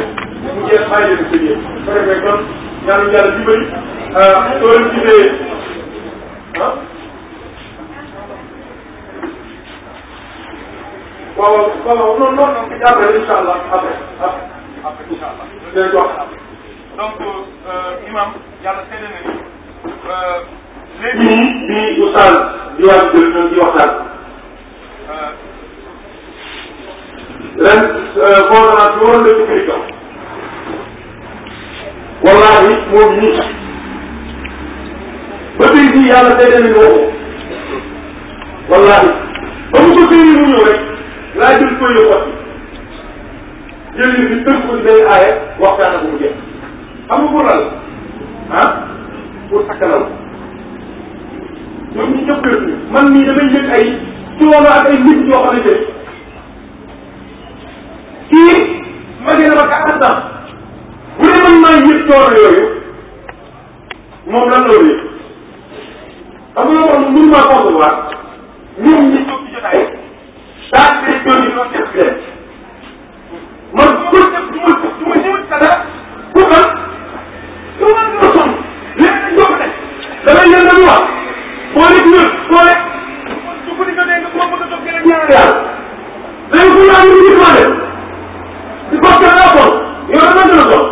mu jeex bàyyi leen sa yéen su ko defee kon ñaanu yàlla dimbali euh, soo leen gisee ah waaw waaw waaw non non non. jàppale incha allah après après incha allah. dégg nga donc euh, imam yàlla seede na ni euh, léegi nii bii oustaz di waaj jël ñoom di waxtaan. Euh, ren coordonnate bi waroon def ci wallaahi moom ñii ba tey jii yàlla seede na ni wallaahi ba mu ko téye mu ñëw rek. laa jël koy yu xotti jël nit ñi tënk ko ci day aaye waxtaan ak mu jeex xam nga pour lal ah pour takkalal ñoom ñu man mii damay yëg ay coono ak ay nit yoo xamante ne kii ma gën a ba quarante ans bu man maa yëg coono yooyu moom lan loolu yëg xam nga loo xam ne mënu maa concevoir daal di leen jooju noonu def leen man su ma def su ma su ma ñëw sa dara ku xam su ma la sonn léegi nag ñoo ko def damay yëngu lu wax moo nekk ñun moo nekk su ko di jotee nga moo bëgg a toog gën a ñaanal yàlla dañ ko ñaan ñu ñu xoolee di ko gën a xool yow dama gën a xool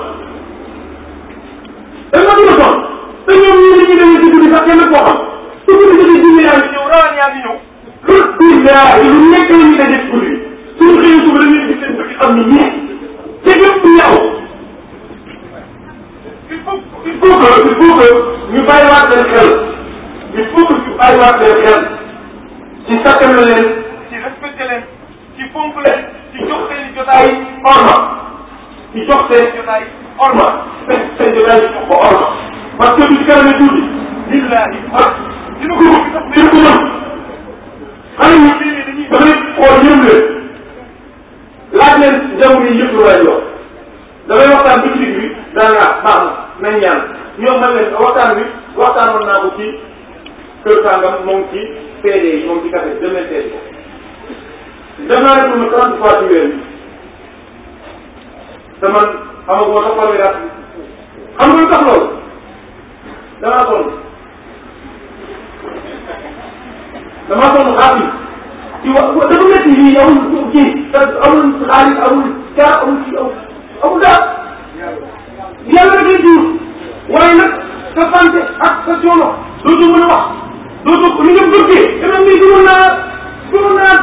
dama gën a xool te ñoom ñii dañuy dañuy dugg di sax kenn koo xam su ko di jotee junne yaa ngi ñëw rawaan yaa ngi ñëw surtout gars yi lu nekk la ñu dajeeg guddi suñu xëy suba dañuy gis seen bëgg xam ne ñii te ñëpp ñaw il faut il faut que il faut que ñu bàyyiwaat seen xel il faut que ñu bàyyiwaat seen xel ci sàkkal leen ci respecté leen ci fonk leen ci jox seen i jotaay orma ci jox seen i jotaay orma seen seen jotaay yi jox ko orma parce que du ci kanam tuuti. billahi ah dina ko dina ko mën leen laaj leen jamono yi yëpp lu war a jox damay bi ci digg bi daanaka baax na nañ man leen waxtaan bi waxtaanoon naa ko ci kër sangam moom ci CD yi moom ci café dem leen seeti ko def naa ne pour ma trente fois ci weer bi te man xamaguma sax xol bi daal di wax dafa métti lii amul kii amul xaalis amul dara amul kii amul amul dara yàlla da koy jur waaye nag sa santé ak sa coono dootoo mën a wax dootoo li nga bëggee dama ni gënoon naa gënoon naa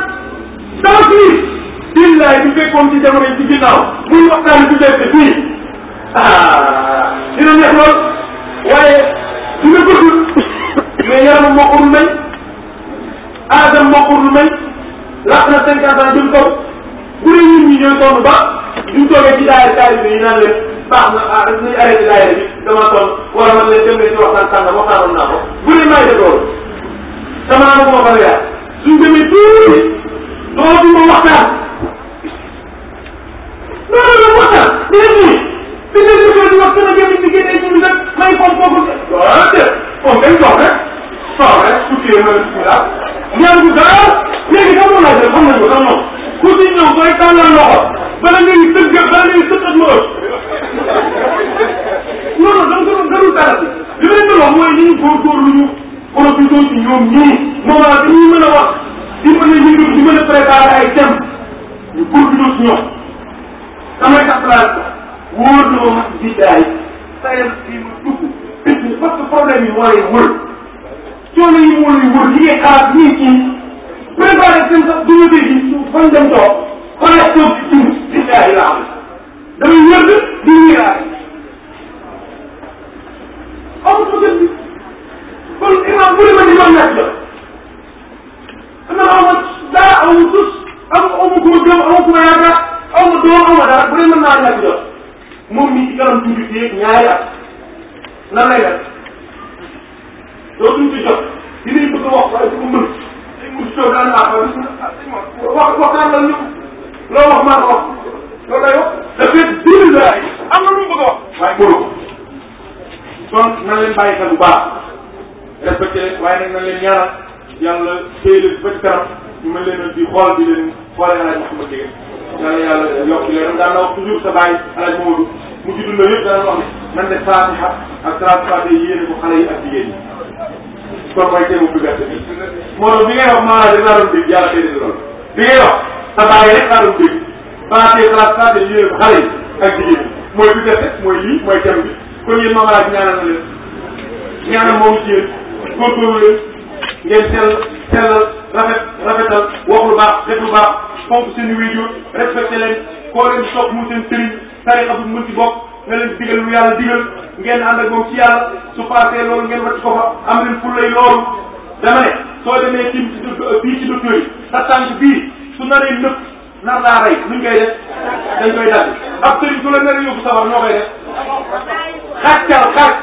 dara fii billaay bu fekkoon ci jamono yi ci ginnaaw muy waxtaan ci gerte fii ah dina neex lool waaye li nga bëgg mais yaram moo ko dul may aadam moo ko dul may laaj na cinquante ans jëm kaw bu dee ñun ñi ñooy sonn ba ñu toogee ci daayira taalibe yi naan leen baax na ah nañ arrêté daayira bi dama sonn wala man leen dem leen ci waxtaan sàngam waxtaanoon naa ko bu dee may def loolu sama naa ko ma fa leer suñ demee tuuti dootuma waxtaan dootuma waxtaan dinañ nii fi ñu leen di wax gën a jëm ci génne ñu nag may foofu foofu waaw déet toog rek tukkee wala bisimilah ñaan bu dara léegi xam nga laaj xam nañu ko sax moom ku si ñëw booy tàllal loxo bala nga ni sëgg bala nga ni sëttat ma ëpp non non dama ko gënul dara bi li may wax mooy ñu góorgóorlu ñu profité ci ñoom ñii moment bi ñu mën a wax di mën a yëngu di mën a préparer ay thèmes ñu profité ci ñoom samay taplaat wóor na ma mas di jaay sayal fii ma dugg parce que problème yi mooy wër coono yi moo lay wër li ngay xalaat ñuy ci préparé seen sax du ñu dégg fan dem toog xalaat toog ci jiw di jaay la am damay wér di wéraat amul fa gën bi kon imam bu ne ma di doon nekk la ana aw ma dara aw ma tus aw aw ma kuma gëm aw ma kuma yaakaar aw ma doom aw ma dara bu ne mën naa nekk la moom mi ci kanam tuuti fii ñaari at nan lay def dootuñ ci jot dinañ bëgg wax waaye du ko mën dañ mujj coow daan naa xam ne wax wax daan la ñu loo wax maa ko wax loolu lay wax dafay déglu laa yi am na lu mu bëgg a wax waaye mënoo kon nan leen bàyyi xel bu baax respecté leen waaye nag nan leen ñaanal yàlla téye leen ba ci kanam ñu mën leen a di xool di leen xoolee alaaj Mouhamed Ndieguène yàlla yàlla yokk leen daan na wax toujours sa bàyyi alaaj Mamadou mu ci dund yëpp daan wax ne nan de Fatiha ak salaatu Fatiha yéene ko xale yi ak jigéen ñi soo fay tegu bi gerte bi moo tax bi ngay wax maanaam dina doon dégg yàlla day dégg lool bi ngay wax sa bàyyi rek laa doon dégg balaatee balaataat dañuy yéene xale yi ak jigéen mooy bi gerte mooy lii mooy cam bi kon yéen maman laaj ñaanal na leen ñaanal moom ci yéen góorgóorlu leen ngeen sell sellal rafet rafetal wax lu baax def lu baax fonk seen i wéjur respecté leen koo leen sopp mu seen sëriñ tarixa bu mën ci bokk nga leen digal lu yàlla digal ngeen ànd ak moom ci yàlla su paasee loolu ngeen wacc ko fa am leen fulay loolu dama ne soo demee ci fii ci docteur yi sa tànk bii su naree nëpp nar laa rey nuñ koy def dañ koy dagg ab sëriñ su la naree yóbbu sabar ñoo koy def xàccal xàcc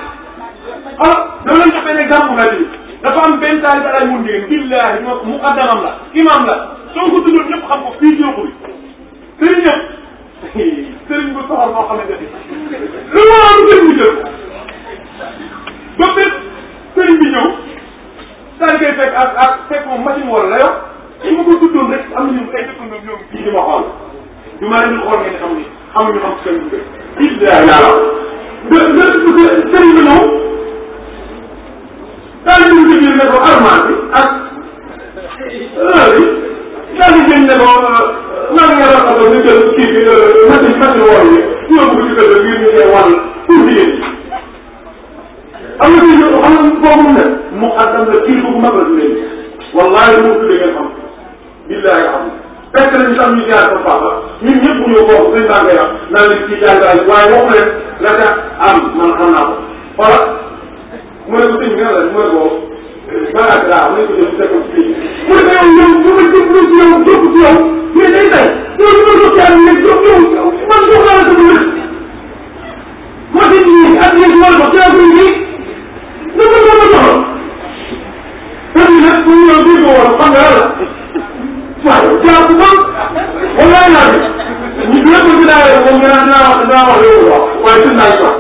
alors dama leen jox benn exemple nga bi dafa am benn taali bi alay mun ndéen billahi muqaddamam la imam la soo ko tuddoon ñëpp xam ko fii jooxu bi sëriñ ñëpp sëriñ bu soxor boo xamante ni lu mu war a jël mu jël ba bés sëriñ bi ñëw daal koy fekk ak ak fekk moom machine wala la yor su ma ko tuddoon rek am nañu ay dëkkandoo ñoom fii di ma xool du ma leen xool ngeen xam ni xamuñu xam seen dugub bi. yaa ngi laa wax nga nga sëriñ bi ñëw daal di ñu jël ne ko armoire bi ak heure bi. daal di jënd ne ko maa ngi leen a xam ne jël kii bi machine machine woowu yi yóbbu ci kër gi ñu koy wàll pour liggéey am na kii xam nga boobu ne mu xaddam la kii bu mag la dundee wallaahi lu mu tuddee ngeen xam billahi xam fekk nañ sax ñu jaar sa papa ñun ñëpp ñoo bokk sëñ baa ngay wax naan leen ci jàngal waaye wax leen la ca am ah, man xam naa ko voilà mu ne ko sëñ bi nga la mu ne ko maanaam laa mën nañu ko jëm si mu ne yow yow bu ma jëm si yow jëm si yow mais day day yow li ma jëm si yow yow yow man jox naa la sama dëkk machine yi ak yéen wala ba caa koy nii na ko doon ma joxoon. parce que nag bu ñu yow bii ko war xam nga la waaw jaa ko man wala naa bi ñu gën a bëgg naa leen moom dinaa dinaa wax dinaa wax yow waaw waaye dinaa ko